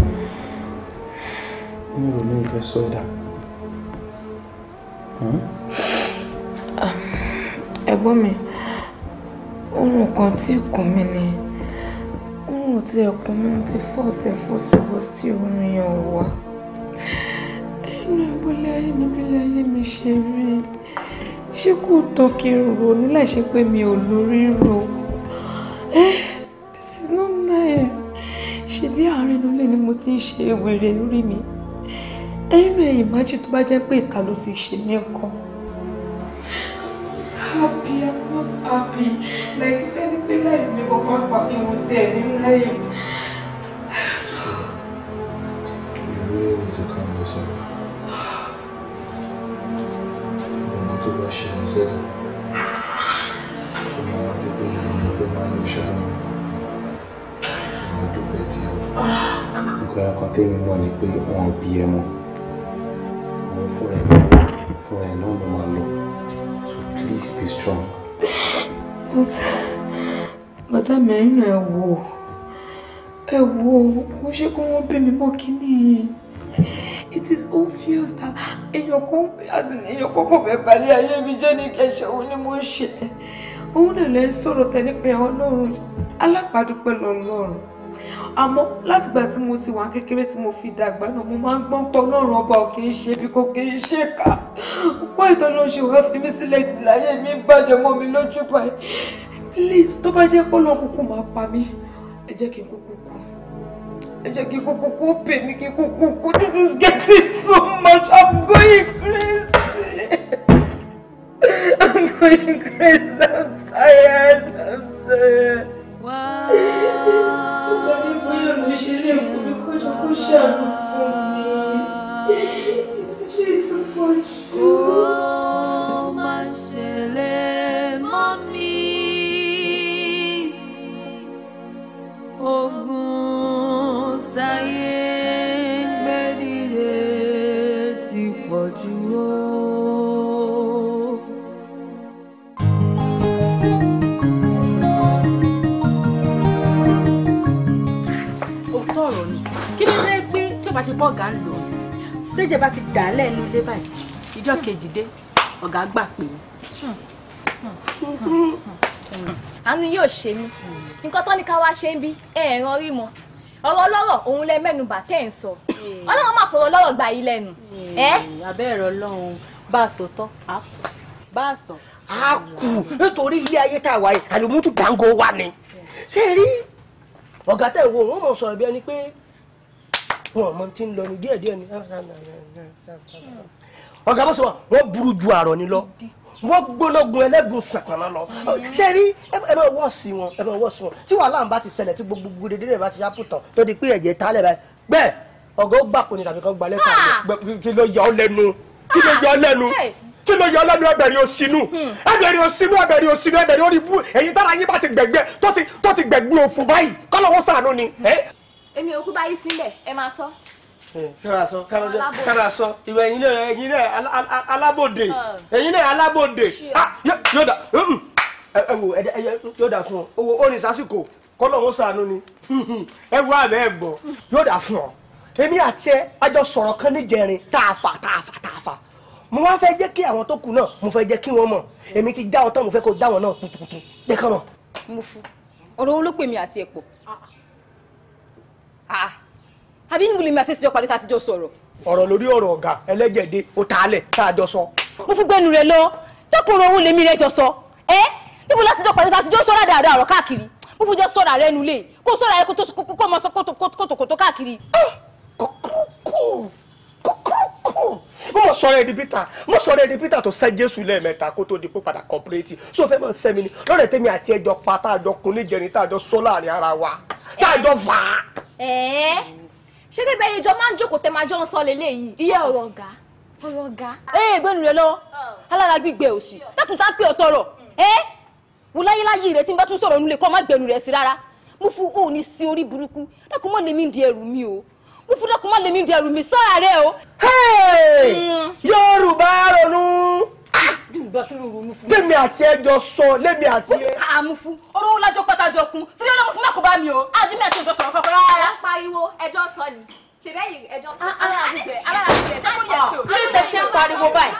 B: ní ronú ìfẹ́ sọ́dà.
C: Hmm? ẹ̀gbọ́n mi ohun kan tí kùn mí ni ohun tí ẹ̀kún mi ti fọ́ọ̀sẹ̀ fọ́ọ̀sẹ̀ bọ́ sí orin yẹn wá ẹnu ìbúlẹ̀ ayé níbi ayé mi ṣe rí i ṣé kò tó kí n rò nílẹ̀ ṣe pé mi ò lórí rò this is not nice ṣebí àárín inú ilé ni mo ti ń ṣe wèrè orí mi ẹ̀yin náà ìmájì tó bá jẹ́ pé ìka ló ti ṣe mí nǹkan. happy i'm not happy like if anything life mi kò pàápàá mi ò tiẹ̀ ní lẹ́yìn.
B: tẹ́mi mọ̀ ni pé wọn bí ẹ mọ́ òun fúnra ẹ̀ fúnra ẹ̀ náà ló máa lọ so please be strong.
E: but
C: bàtà mẹ́rin ẹ̀ wò ẹ̀ wò ó ṣe kó wọ́n bí mi mọ́ kínní yìí it is obvious that èèyàn kan as in èèyàn kan kàn fẹ́ balẹ̀ ayé mi jẹ́ ní kẹsẹ̀ òun ni mo ṣe òun lè lè sọ̀rọ̀ tẹ́ nípa ọlọ́run alápàdúpẹ́ lọ́lọ́run àmọ́ látìgbà tí mo ti wà kékeré tí mo fi dàgbà náà mo máa ń gbọ́n pọ̀ lọ́rùn ọba ò kì í ṣe bí kò kì í ṣe kà púpọ̀ ìtọ́nà oṣù wa fi mí sílẹ̀ ìtìláyé mi bàjẹ́ mọ́ mi lójú báyìí please tó bá jẹ́ pọ́lọ́ kúkú máa pa mí ẹ jẹ́ kí n kúkú kú ẹ jẹ́ kí n kúkú kú pè mí kí n kúkú kú this is getting too much i'm going please. I'm going crazy. I'm tired. I'm tired. Oh ní bóyá
A: mo ṣe lè
C: tí o bá ṣe pọ̀ ọ̀gá ń lò ó tẹ́jẹ̀ bá ti dà á lẹ́nu ilé báyìí ìjọ kejì dé ọ̀gá gbà pé.
F: àánú yóò ṣe mí nǹkan tó ní ká wá ṣe ń bí ẹ̀ẹ̀ràn rí mọ́ ọ̀rọ̀ ọlọ́rọ̀ òun lẹ mẹ́nubà tẹ́ ẹ̀ ń sọ ọlọ́run máa fọ̀rọ̀ ọlọ́rọ̀ gbà yí lẹ́nu.
C: abẹ́ ọlọ́run
F: bá a sọ tán á kù bá a sọ. á
C: kù nítorí ilé ayé tá a wà
D: àlùmútù dáńgó wa ni ṣé rí ọ̀gá tẹ̀ wo wọ́n mọ̀ sọ̀rọ̀ bí ẹni pé wọn mọ tí ń lọ ní díẹ̀ díẹ̀ ní. Ah, ah, ah, ọ̀gá bó ṣe wà wọ́n burú ju àrọ̀ ni lọ wọ́n gbónágun ẹlẹ́gùn sàkànnà lọ ṣe rí ẹ bá wọ́ sí wọn ẹ bá wọ́ sí wọn tí wàhálà ń bá ti ṣẹlẹ̀ tí gbogbo dédé rẹ̀ bá ti yá pùtàn tó di pé ẹ̀jẹ̀ ta lẹ̀ bẹ́ẹ̀ ọ̀gá ó gbàpò ní tàbí kan gbalẹ̀ kan kí ló yà ọ́ lẹ́nu kí ló yà ọ́ lẹ́nu kí ló yọ lẹ́nu ẹbẹ̀rẹ̀ òsínú hmm. ẹbẹ̀rẹ̀ òsínú ẹbẹ̀rẹ̀ òsínú ẹbẹ̀rẹ̀ òrìbú èyí tára yín bá ti gbẹ̀gbẹ́ tó ti gbẹ̀gbẹ́ òfò báyìí kọ́lọ́wọ́ sàánú ni
I: èmi òkú
F: báyìí sílẹ̀ ẹ máa sọ.
D: kára sọ kára sọ ìwé ẹ̀yin náà ẹ̀yin náà alábòde ẹ̀yin náà alábòde ah, yóò dà ẹ wò ẹ yóò dà fún ọ owó ó ní sásìkò kọ́lọ̀ wọn sànú ni ẹ wọ àbẹ́ ẹ gbọ́ yóò dà fún ọ èmi àti ẹ àjọ sọ̀rọ̀ kan níjẹrin tààfà tààfà tààfà mo wá fẹ́ jẹ́ kí àwọn tó kù náà mo fẹ́ jẹ́ kí wọ́n mọ̀ èmi ti dá ọ tán mo fẹ́ kó dá wọn náà kùtùkùtù dé kàn náà.
F: mo fu ọ̀rọ̀ olópè mi àti ẹ̀pọ̀ ah. Ah. àbí nínú lèmi àti ìtìjọ pàdé tá a ti jọ sọ̀rọ̀. ọ̀rọ̀ lórí ọ̀rọ̀ ọ̀gá ẹlẹ́jẹ̀dẹ́ ó ta alẹ̀ tá a jọ sọ. mo fi gbẹnu rẹ lọ tọkùnrin òun lèmi rẹ jọ sọ ẹ níbo láti jọ pàdé tá a ti jọ sọ dáadáa ọ̀rọ̀ káàkiri mo fi jọ sọ̀rọ̀ rẹ nulẹ̀ kó sọ̀rọ̀ rẹ kó tó kó tó kó tó káàkiri. Ah!
D: kókó kúkúrúkú mo mọ sọ̀rọ̀ ẹdi peter mo sọ̀rọ̀ ẹdi peter tó sẹ́ jésù lẹ́ẹ̀mẹ́ta kó tó di pé padà kọpirẹti so fẹ́ mọ sẹmi ni lọrẹ tèmi àti ẹjọ pa tá a jọ kun ní tá a jọ sọ láàrin ara wa tá a jọ fà á.
F: ẹẹ ṣé kébẹ ìjọ máa ń jókòó tẹ máa jọ ń sọ lélẹyìí iye ọ̀rọ̀ ọ̀gá ọ̀rọ̀ ọ̀gá. ee gbẹnu rẹ lọ oh. alára gbígbẹ òsì dákun tá a pè ọ sọ̀rọ̀ mm. ẹ wò láyé láyé rẹ tí n bá tún sọ̀rọ̀ nílé kọ má gbẹnu rẹ sí rárá mo fún òní sí orí burúkú dákun mọ lèmi wífú lọ́kùn mọ́ lèmi dẹrù mi sọ́ra rẹ o. yorùbá ronú. Ah, yorùbá kí ló ń ronú fún mi. lèmi àti ẹjọ a lèmi àti. àmúfú orówó lájọ pátájọ kun torí ọlọmọ fún mẹkọọ bá mi o oh. àjọ mi àti ẹjọ sọ̀rọ̀ kankan rárá. pariwo ẹjọ sọ ni ṣèbẹ́ yìí ẹjọ sọ. Ah, ah, alára mi tẹ alára mi tẹ jákòó yẹ kí o. lórí tẹ ṣe ń pariwo báyìí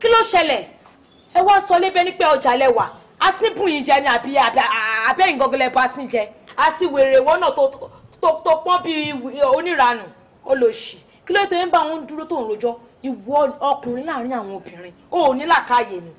C: kí ló ṣẹlẹ̀ ẹ wá sọ lébẹ́ ní pé ọjà lẹ́wà asínbùn yìí jẹ ni àbí abẹ́yìn gọ́gọ́lẹ́ bá sín jẹ àti wèrè ìwọ náà tó tó pọ́n bíi oníranù olóṣì kí ló tó ń bá wọn dúró tó ń rojọ́ ìwọ ọkùnrin láàrin àwọn obìnrin ò ní làkàyè ni.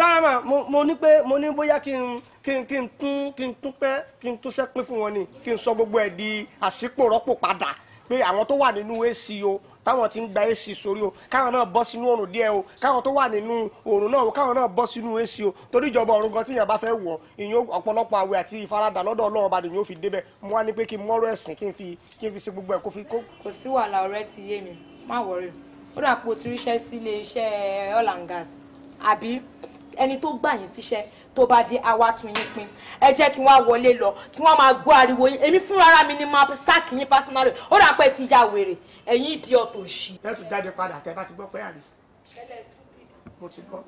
C: rárá mà mo ní
D: pé mo ní bóyá kí n kí n tún kí n tún pẹ́ kí n tún sẹ́pẹ́ fún wọn ni kí n sọ gbogbo ẹ̀ di àṣípò rọ́pò padà pé àwọn tó wà nínú AC o táwọn ti ń gba AC sórí o káwọn náà bọ́ sínú oòrùn díẹ̀ o káwọn tó wà nínú oòrùn náà o káwọn náà bọ́ sínú AC o torí ìjọba ọ̀run gan tíyàn bá fẹ́ wọ̀ ìyẹn ọ̀pọ̀lọpọ̀ àwẹ̀ àti ìfaradà lọ́dọ̀ Ọlọ́run ọba nìyẹn ó fi débẹ̀ mo wá ní pé kí n
C: mọ́rọ̀ ẹ̀sìn kí n fi kí n fi ṣe gbogbo ẹ̀ kó fi kó. kò sí wàhálà ọ̀rẹ́ ti yé mi má wọrí ó dà pé o sí ilé iṣẹ́ oil àbí ẹni tó gbà yín síṣẹ́ tó bá dé àwa tún yín pin ẹ jẹ́ kí wọ́n wọlé lọ kí wọ́n máa gbọ́ ariwo yín èmi fúnra ara mi ni máa sáàkì yín pásínálì ó dà pé ti ya wèrè ẹ̀yin ìdí ọ̀tọ̀ òṣì. ẹ tún jáde padà tẹ bá ti gbọ́ pé àlè mo ti gbọ́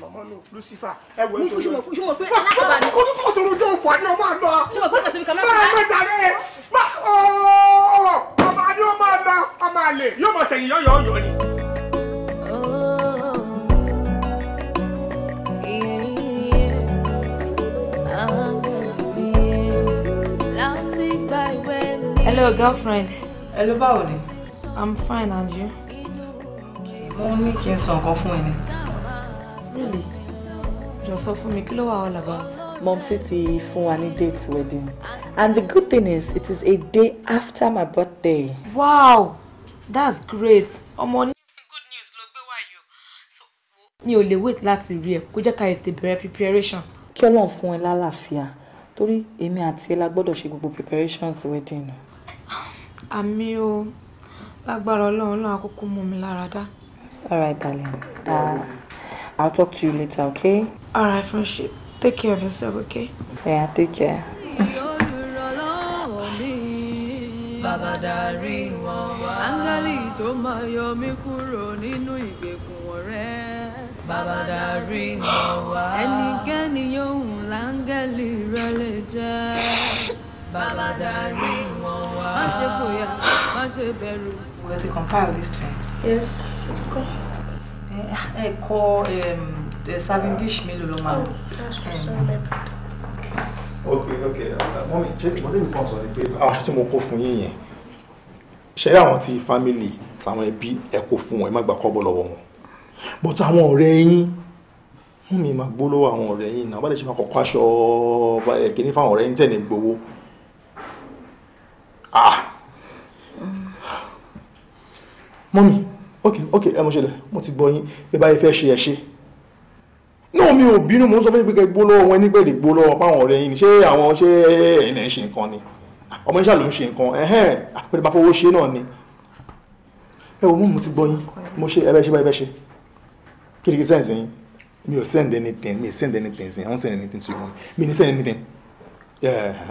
C: mọ̀mọ́ mi
D: lucifer ẹ wọ ètò yìí. ṣé mo gbé alákọ̀ọ́bà ni. kó tó rojọ́ òfò àdínà máa lọ. ṣé mo gbé kàṣẹ́bí kan mẹ́ta. báyọ̀ mẹ́ta rẹ̀ ọmọ adé ọmọ àgbà ọmọ àlè yóò mọ̀ sẹ́yìn yọ̀yọ̀ ọ̀yọ̀ ni.
A: Hello,
C: girlfriend. Hello, báwo I'm fine, and you? Wọ́n ní kí n sọ nǹkan fún ẹni. Really? Jọ sọ fún mi, kí ló wà all about?
G: Mom sì ti fún wa ní date wedding. And the
C: good thing is, it is a day after my birthday. Wow! That's great! Ọmọ ní good news ló gbé wá yìí So, mi ò lè wait láti rí ẹ, kó jẹ́ ká ètè bẹ̀rẹ̀ preparation.
G: Kí Ọlọ́run fún ẹ lálàáfíà torí èmi àti ẹ la gbọ́dọ̀ ṣe gbogbo preparations wedding.
C: àmì o lágbára ọlọ́run náà àkókò mú mi lára dá.
G: all right darling uh, i'll talk to you later okay.
C: all right friendship take care of yourself okay. yeah take care.
A: bàbá darí wọn wá. áńgẹ́lì tó máa yọ mí kúrò nínú ìgbèkùn ọ̀rẹ́ bàbá darí wọn wá. ẹnikẹ́ni yóò hùn láńgẹ́lì rẹ lè jẹ́. bàbá darí wọn wá. má ṣe fòyà má ṣe bẹ̀rù.
G: we ti compile this time. yes it's okay. ẹ kọ serving dish mélòó ló máa. Oh, that's just
D: okay okay eh, mọ́mí ṣé mo tẹ́lẹ̀ kan sọ ni pé aṣọ tí mo kó fún yín yẹn ṣẹ́rí àwọn ti family tàwọn ẹbí ẹ kò fún wọn ẹ má gbà kọ́bọ̀ lọ́wọ́ wọn but àwọn ọ̀rẹ́ yín mú mi máa gbó lọ́wọ́ àwọn ọ̀rẹ́ yín náà bá lè ṣe máa kọ̀kọ́ aṣọ kìíní fáwọn ọ̀rẹ́ yín tẹ̀lé gbowó. Ah! mọ́mí ok ok ẹ mọ̀ ṣẹlẹ̀ mo ti gbọ́ yín bí báyìí fẹ́ ṣe ẹ ṣe náà mi ò bínú mo ń sọ fún ìpínlẹ̀ gbó lọ́wọ́ wọn nígbà èdè gbó lọ́wọ́ fáwọn ọ̀rẹ́ yín ni ṣé àwọn ṣé ẹ̀yin náà ń ṣe nǹkan ni ah, ọmọ yín ṣàlùń ṣe nǹkan ẹ̀hẹ́n àpẹẹrẹ ah, bá fowó ṣe náà ni ẹ wo mú mo ti gbọ́ yín mo ṣe ẹ ṣe báyìí bẹ́ ṣe kí ni kí sẹ́yìn sẹ́yìn mi ò send anything mi ò send anything sẹ́yìn i don't send anything to you mi ní send anything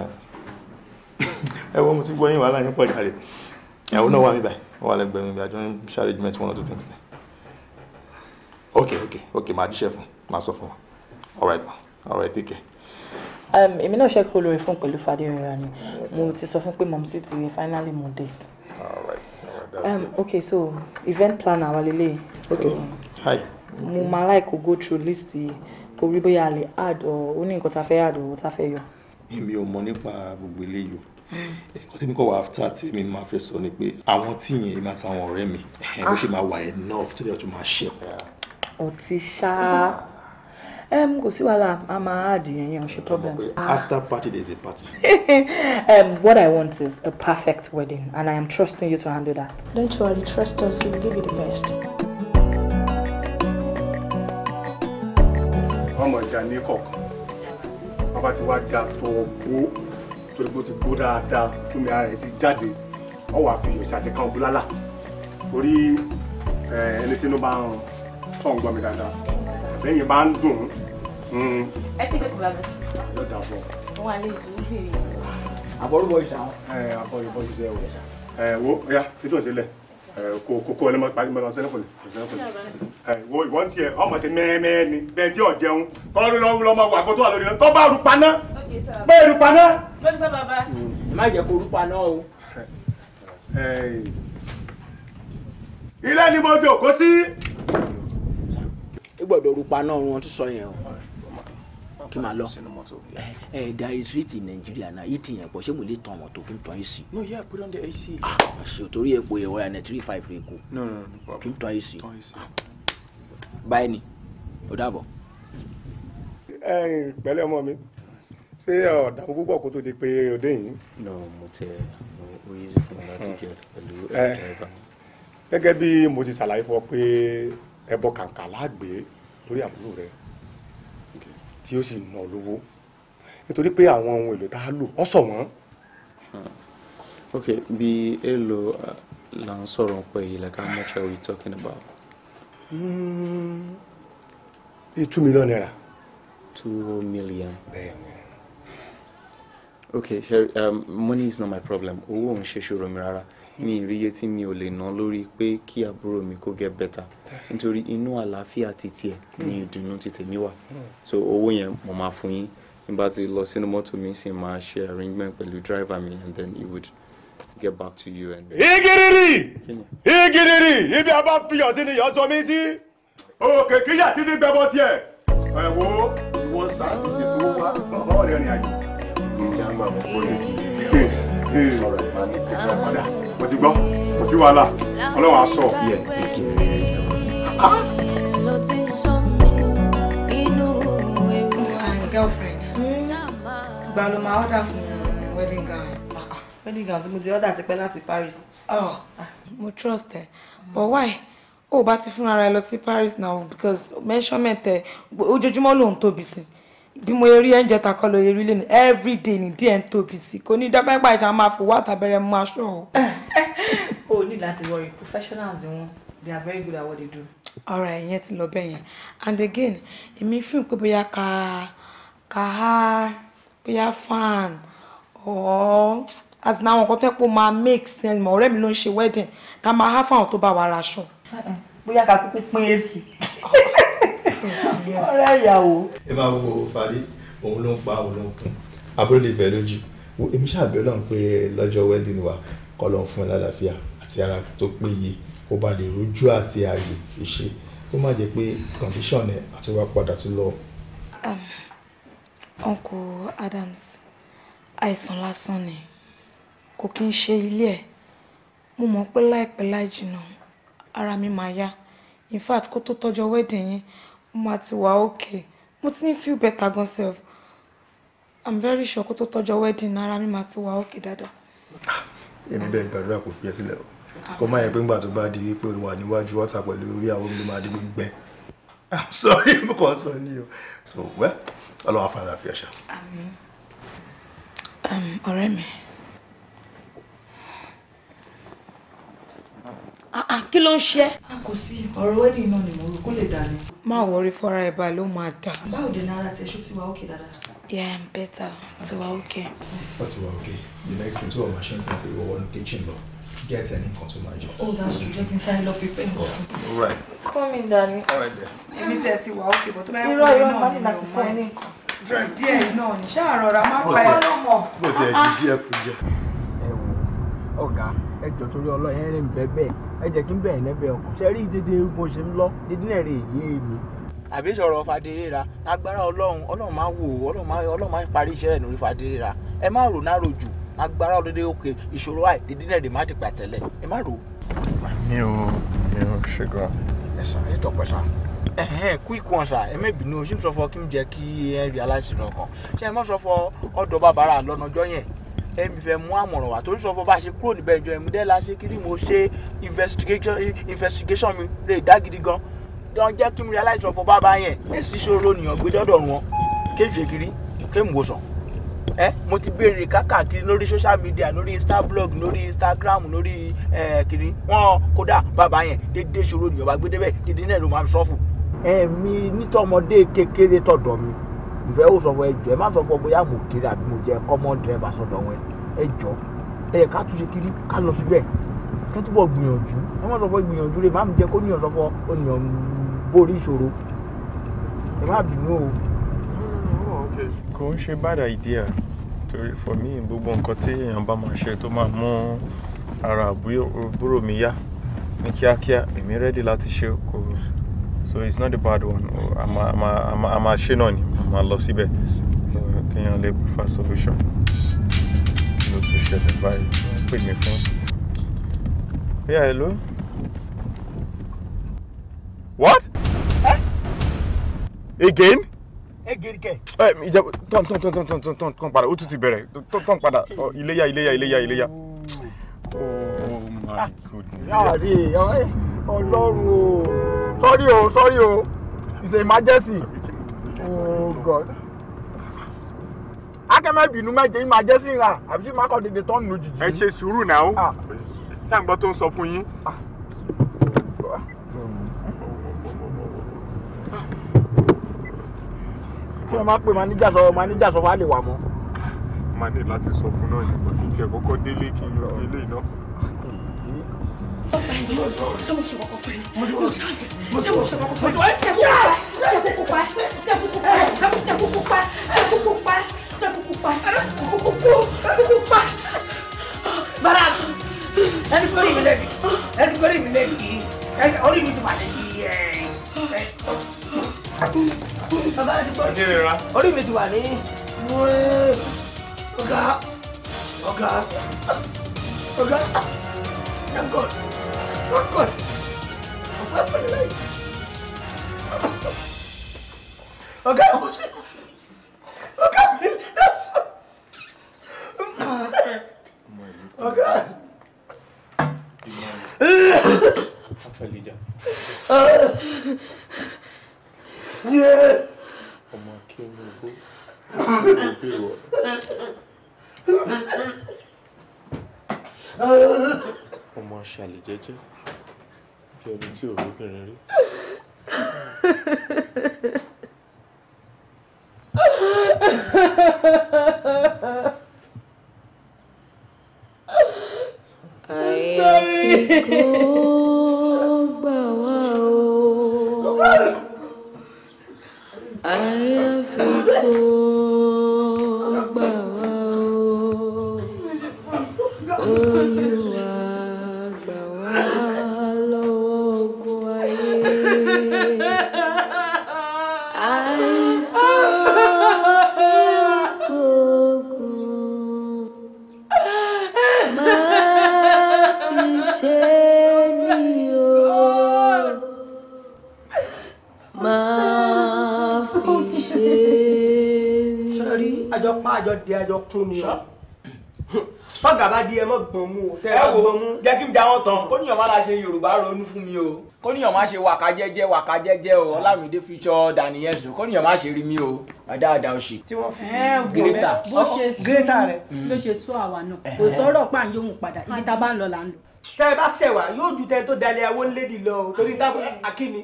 D: ẹ wọ́n mo ti gbọ́ yín wàhálà yín pọ̀ jáde ìyàwó náà wà mí báyìí wọ́n wà lẹ́gbẹ̀ẹ́ mi bí àjọ ń ṣàrẹ́jìmẹ̀tì one or two things there okay okay okay màá jíṣẹ́ fún màá sọ fún wa all right ma all right take care
G: um, èmi náà ṣe kúrò lórí fóònù pẹ̀lú fàdéhìnrà ni mo ti sọ fún pé mom sì ti ní finally mo date. All right. um, okay so event planner wa Okay. Um, hi mo máa like go through list yìí kó rí bóyá a lè add or ó ní nǹkan tá a fẹ́ add or tá a fẹ́ yọ.
B: èmi ò mọ̀ nípa gbogbo eléyìí
D: o nǹkan tí mi kọ̀ wá after tí èmi máa fẹ́ sọ ni pé àwọn tí yẹn èmi àtàwọn ọ̀rẹ́ mi bó ṣe máa wà enough tó dẹ̀ tó máa ṣe.
G: ọtí ṣáá um, kò sí wàhálà a máa add yẹn yẹn ṣe problem. after
D: party there is a party.
G: um, what I want is a perfect wedding and I am trusting you to handle that. Don't worry, trust us, we will give you the best.
D: ọmọ ìjà ní kọ̀ọ̀kan bàbá ti wá ga tó gbó torí bó ti gbó dáadáa lómi ara rẹ̀ ti jáde wọ́n wà fi òṣà ti kan búlálà torí ẹni tí inú bá ń tọ̀ ń gbọ́ mi dáadáa lẹ́yìn bá ń dùn ún. Hmm. ẹ kéde kò bàbá. yóò dà bọ̀.
C: wọn wà lẹ́yìn tó ń bèrè.
D: àbọ̀rúbọ̀ ìṣà. àbọ̀ ìbọn ṣiṣẹ́ o. ẹ wo ọ̀ya fi tó ń ṣe lẹ̀ kò kò kò ẹlẹmọ pàdé mẹlọ sẹlẹ kọlẹ sẹlẹ
E: kọlẹ
D: ìwọ ìwọ ń tiẹ ọmọ sí mẹẹmẹẹ ni bẹ́ẹ̀ tí ò jẹun kọ ló lọ lọmọ wà gbọtọ àlọ nínú tó bá rupa ná bẹ́ẹ̀ rupa ná.
A: gbọ́dọ̀ bàbá ẹ
D: má jẹ́ kó rupa náà o. ilé ni mo jòkó sí. ẹ gbọ́dọ̀ rupa náà wọn tún sọ yẹn o kí n máa lọ ẹ eh, eh, there is street in Nigeria na yìí ti yẹn pọ̀ ṣé mo lè tàn ọmọ tó kí n tàn yìí sí. no yeah put on the AC. àṣìṣe ah, torí epo yẹn wọ́n yà ní three five rẹ̀ kù kí n tàn yìí sí. báyìí ni ó dàbọ̀. ẹ pẹ̀lẹ́ ọmọ mi ṣé ọ̀dàmú púpọ̀ kó tó di pé òde yìí.
B: no mo tẹ o easy fún mi láti get pẹ̀lú ẹ̀ẹ́dẹ́gbà. Eh, gẹ́gẹ́ bí mo ti ṣàlàyé fún ọ pé ẹbọ kàǹkà láàgbé lórí àbúrò rẹ̀ tí ó sì nà lówó nítorí pé àwọn ohun èlò tá a lò ọ́ sọ̀ wọ́n. ok bí èlò uh, là ń sọ̀rọ̀ ń pẹ́ yìí like how much are we talking about. Hmm, bíi two million naira. two million. okay um, money is not my problem owó òun ṣe ṣòro mi rárá mi ìríye tí mi ò lè ná lórí pé kí àbúrò mi kó get better nítorí inú àlàáfíà ti tiẹ̀ ní ìdùnnú ti tèmi wà so owó yẹn mo máa fún yín nígbà tí lọ sínú mọ́tò mi sì máa ṣe arrangement pẹ̀lú driver mi and then he would get back to you. igiriri
E: igiriri
D: ibi a bá fiyàn sí ni yọ sọ mí sí òkè kíyà tí ní gbẹbọ tiẹ̀ ẹ wo ìwọ sáà ti ṣe tó wá ọ̀rẹ́ rìn àjò. ti jàǹgbà mọ́ kó lè kí ilé ẹ̀ ọ̀rẹ́ máa ní pípẹ́ mo ti gbọ́ kò sí wàhálà ọlọ́run á yẹ
C: èké mm, girlfriend gba ma máa order fún wedding gown ah, ah, wedding gown tí mo ti order ti pẹ́ láti Paris oh ah. mo trust ẹ but why o bá ti fún ara ẹ lọ sí Paris now because measurement ẹ ojoojúmọ́ lòun tóbi sí i bí mo rí ẹ̀ǹjẹ̀ ta kọ́ ló yẹ rí lẹ́nu everyday ní díẹ̀ ń tóbi sí kò ní dápẹ́ pa ìṣá máa fò wá àtàbẹ̀rẹ̀ mú aṣọ
G: o. ní láti worry professionals wọn they are very good at what they do.
C: ọ̀rọ̀ ẹ̀yẹn ti lọ bẹ́ẹ̀ yẹn and again èmi fi hàn pé bóyá ká ká bóyá fan or as na àwọn nǹkan tó ń pò máa make sense ọ̀rẹ́ mi ló ń ṣe wedding tá máa há fáwọn tó bá wa raṣọ. bóyá ká kúkú pín èsì.
G: ọ̀rẹ́
C: ìyàwó.
D: ẹ máa wo fàdí òun ló ń pa òun ló ń kún àbúrò lè lójú èmi ṣàbẹ̀ ọlọ́run pé lọ́jọ́ wedding wa kọ́ lọ́n fún ẹ àti ara tó péye kó ba lè rojú àti ààyè ìṣe kó má jẹ́ pé condition ẹ̀ àti wá padà tún lọ.
C: Um, uncle Adams àìsàn lásán ni kò kí ń ṣe ilé ẹ̀ mo mọ̀ pé láìpẹ́ láì jìnnà ara mi máa yá in fact kó tó tọ́jọ́ wedding yín mo máa ti wà okay mo ti ń feel better gan self i'm very sure kó tó tọ́jọ́ wedding ara mi máa ti wà okay dáadáa. èmi bẹ́ẹ̀
D: gbàdúrà kò fi ẹ́ sílẹ̀ o kó má yẹ pé ńgbà tó bá di wípé wà níwájú ọ̀tá pẹ̀lú ìyàwó mi ló máa di gbígbẹ́ i'm sorry mo kàn sọ ni o so well ọlọ́wà fàdà fi ẹ̀ ṣá.
C: àmín ọ̀rẹ́ mi. Ah, ah, kí ló ń ṣe. a ah, kò sí ọ̀rọ̀ wedding náà ni mo rò kó lè dà ní. má wọrí fọ́ra ẹ̀ báyìí ló máa dà. báwo dé náírà tí ẹṣú ti wá òkè dáadáa. yeah i'm better ti wá òkè. ó
B: ti wá òkè
D: the next thing tí wọ́n máa ṣe ń sìn pé ìwọ wọnú kitchen lọ get any nǹkan tó máa jẹ. oh that's true jẹ́ kí n sáré lọ pípẹ́
E: nǹkan fún all right.
C: come in darling.
D: all
E: right there. èmi
C: tẹ̀ ti wá òkè bọ̀ tó bá yẹ kó lè náà ni mi ò máa ní díẹ̀ díẹ̀ náà ni ṣáà rọra má pa ẹ̀. bó ti ẹ̀ di
E: díẹ̀ kú
D: jẹ. ẹ wo ọ̀gá ẹ torí ọlọ́ọ̀ rìn bẹ́ẹ̀ bẹ́ẹ̀ ẹ kí n bẹ̀rẹ̀ lẹ́bẹ̀ ọkọ̀ ṣe rí dédé bó ṣe ń lọ dédé náà rè yé mi. àbí sọ̀rọ̀ fàdérera agbára ọlọ́run ọlọ́run máa wò ọlọ́run máa parí iṣẹ́ rẹ̀ lórí fàdérera ẹ má rò náà rojù agbára ọlọ́dẹ òkè ìṣòro àì dédé náà rè má ti pàtẹ́lẹ̀ ẹ má rò.
E: mi ò mi ò ṣègùn.
D: ẹ sàn ẹ tọpẹ sàn quick one sa ẹ mẹ́bìnú ṣé mo sọ fọ kí n jẹ́ kí ẹ rí aláìsàn ọkàn ṣé ẹ mọ̀ sọ fọ ọ̀dọ̀ bàbá rà lọ́nà ọjọ́ yẹn ẹ̀mí fẹ́ mú àmọ̀ràn wá torí sọ fún bá ṣe kúrò níbẹ̀ ìjọ ẹ̀mú dẹ́ la ṣe kiri mo ṣe investigation investigation mi lè dá gidi gan dán jẹ́ kí mi realize sọ fún bàbá yẹn èsì ṣòro nìyàn gbé dọ́dọ̀ wọn kéfìṣe kiri kéwù wòsàn ẹ mo ti béèrè kákàkiri lórí social media lórí insta blog lórí instagram lórí ẹ kiri wọn kódà bàbá yẹn déédéé ṣòro nìyàn bá gbé débẹ̀ déédéé náà ló máa sọ́fù. ẹ̀mí nítọ́mọdé kékeré tọ̀dọ̀ mi ìfẹ́ ó sọ fún ẹ ẹ má sọ fún ọ bóyá mo kiri àbí mo jẹ common driver sọ̀dọ̀ wọn ẹ jọ ká túnṣe kiri ká lọ síbẹ̀ ká túbọ̀ gbìyànjú ẹ má sọ fún gbìyànjú rẹ má mi jẹ kó níyàn sọ fún ọ borí ìṣòro ẹ má bínú o.
B: kò ń ṣe bad idea torí for me gbogbo nǹkan tí èèyàn bá máa ṣe tó máa mú ara àbúrò mi yá ní kíákíá èmi rẹ́dí láti ṣe kò so it's not a bad one I'm a I'm máa ṣe náà I'm a máa lọ síbẹ̀ kéèyàn lè prefer solution kí ló tún ṣẹlẹ̀ báyìí wọ́n pè mí fún. yeah hello.
D: what. Eh? again. again eh, kẹ. ẹ eh, ìjà tán tán tán tán tán tán tán tán padà ó tún ti bẹ̀rẹ̀ tán tán padà iléyà oh, iléyà iléyà iléyà. Oh, oh my goodness ọlọ́run o sorry o sorry o it's an emergency oh god akẹ́mẹ́ bínú mẹ́jẹ emergency ra àbí sí mákọ́ dédé tọ́nù lójijì. ẹ ṣe sùúrù náà ó ah. ṣàǹgbọ́ tó ń sọ fún yín. tí ah. wọ́n máa pè máníjà sọ máníjà sọ wá lè wà mọ́. máa ní láti sọ fún náà nígbà tí tiẹ̀ kọ́kọ́ délé kí n lọ délé oh. náà
G: ṣé mo ṣe kọkọ fún ẹ ní ṣáàjẹ ṣé mo ṣe kọkọ fún ẹ tẹkùkù pa
C: tẹkùkù pa tẹkùkù pa tẹkùkù pa tẹkùkù pa tẹkùkù pa tẹkùkù pa. bàrà ẹni kò rí mi lẹ́bi ẹni kò rí mi lẹ́bi orí mi tó balẹ̀ bí ẹ. bàbá ẹni kò rí mi orí mi tó wà ní. ọ̀gá
D: ọ̀gá ọ̀gá thank God
E: ọ̀gá mi ọ̀gá mi lẹ́sọ̀ ọ̀gá. Afẹ́lẹ́jà.
B: ṣàlè jẹ́jẹ́
D: bí ẹni tí ò lóbìnrin rí.
A: I am sorry.
D: jọ kún ni o tọ́gà bá di ẹ mọ́ gbọ̀n mú o tẹ́ ẹ gbọ̀n mú. jẹ́ kí n jáwọ́ tán kóníyàn má la ṣe yorùbá ronú fún mi o kóníyàn má ṣe wàkà jẹ́jẹ́ wàkà jẹ́jẹ́ o ọlámídé fíjọ́ daniel sùn kóníyàn má ṣe rí mi o dáadáa òṣì. tí wọ́n fi gírẹ́tà gírẹ́tà oh, rẹ̀.
C: ló ṣe sún àwa náà
G: kò sọ̀rọ̀ pàǹyóhùn padà ibi tá a bá ń lọ là ń lọ tẹ ẹ bá ṣẹwà yóò ju tẹ tó dalẹ àwọn lédi
D: lọ o torí tá akíni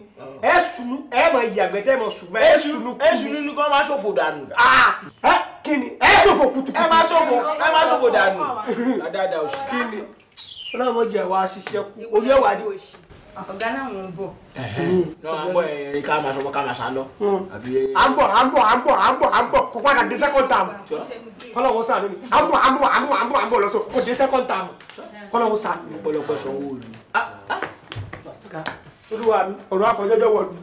D: ẹ sunu ẹ mọ ìyàgbẹ tẹ mọ sùn ẹ sunu ah! ẹ kí ni ẹ ṣòfò kùtùkùtù ẹ má ṣòfò ẹ má ṣòfò dànù
G: dáadáa oṣù kí ni ọlọ́mọ jẹ wá ṣiṣẹ́ kú orí ẹ̀wà ni. ọ̀gá náà ń bọ̀.
D: náà ń bọ̀ ẹ̀rín ká máa sọmọ ká máa sá lọ. Hmm. à ń bọ̀ à ń bọ̀ à ń bọ̀ à ń bọ̀ à ń bọ̀ kó padà dé second term. kọ́lọ́wọ́ sàánú ni à ń bọ̀ à ń bọ̀ à ń bọ̀ à ń bọ̀ à ń bọ̀ lọ́sọ̀ kó dé second term. kọ́lọ́wọ́ sàánú. ọ̀pọ̀lọpọ̀ sanwó olú. Ah, ah. olúwa ọ̀rọ̀ àpọ̀jọ́jọ́ wọ̀lú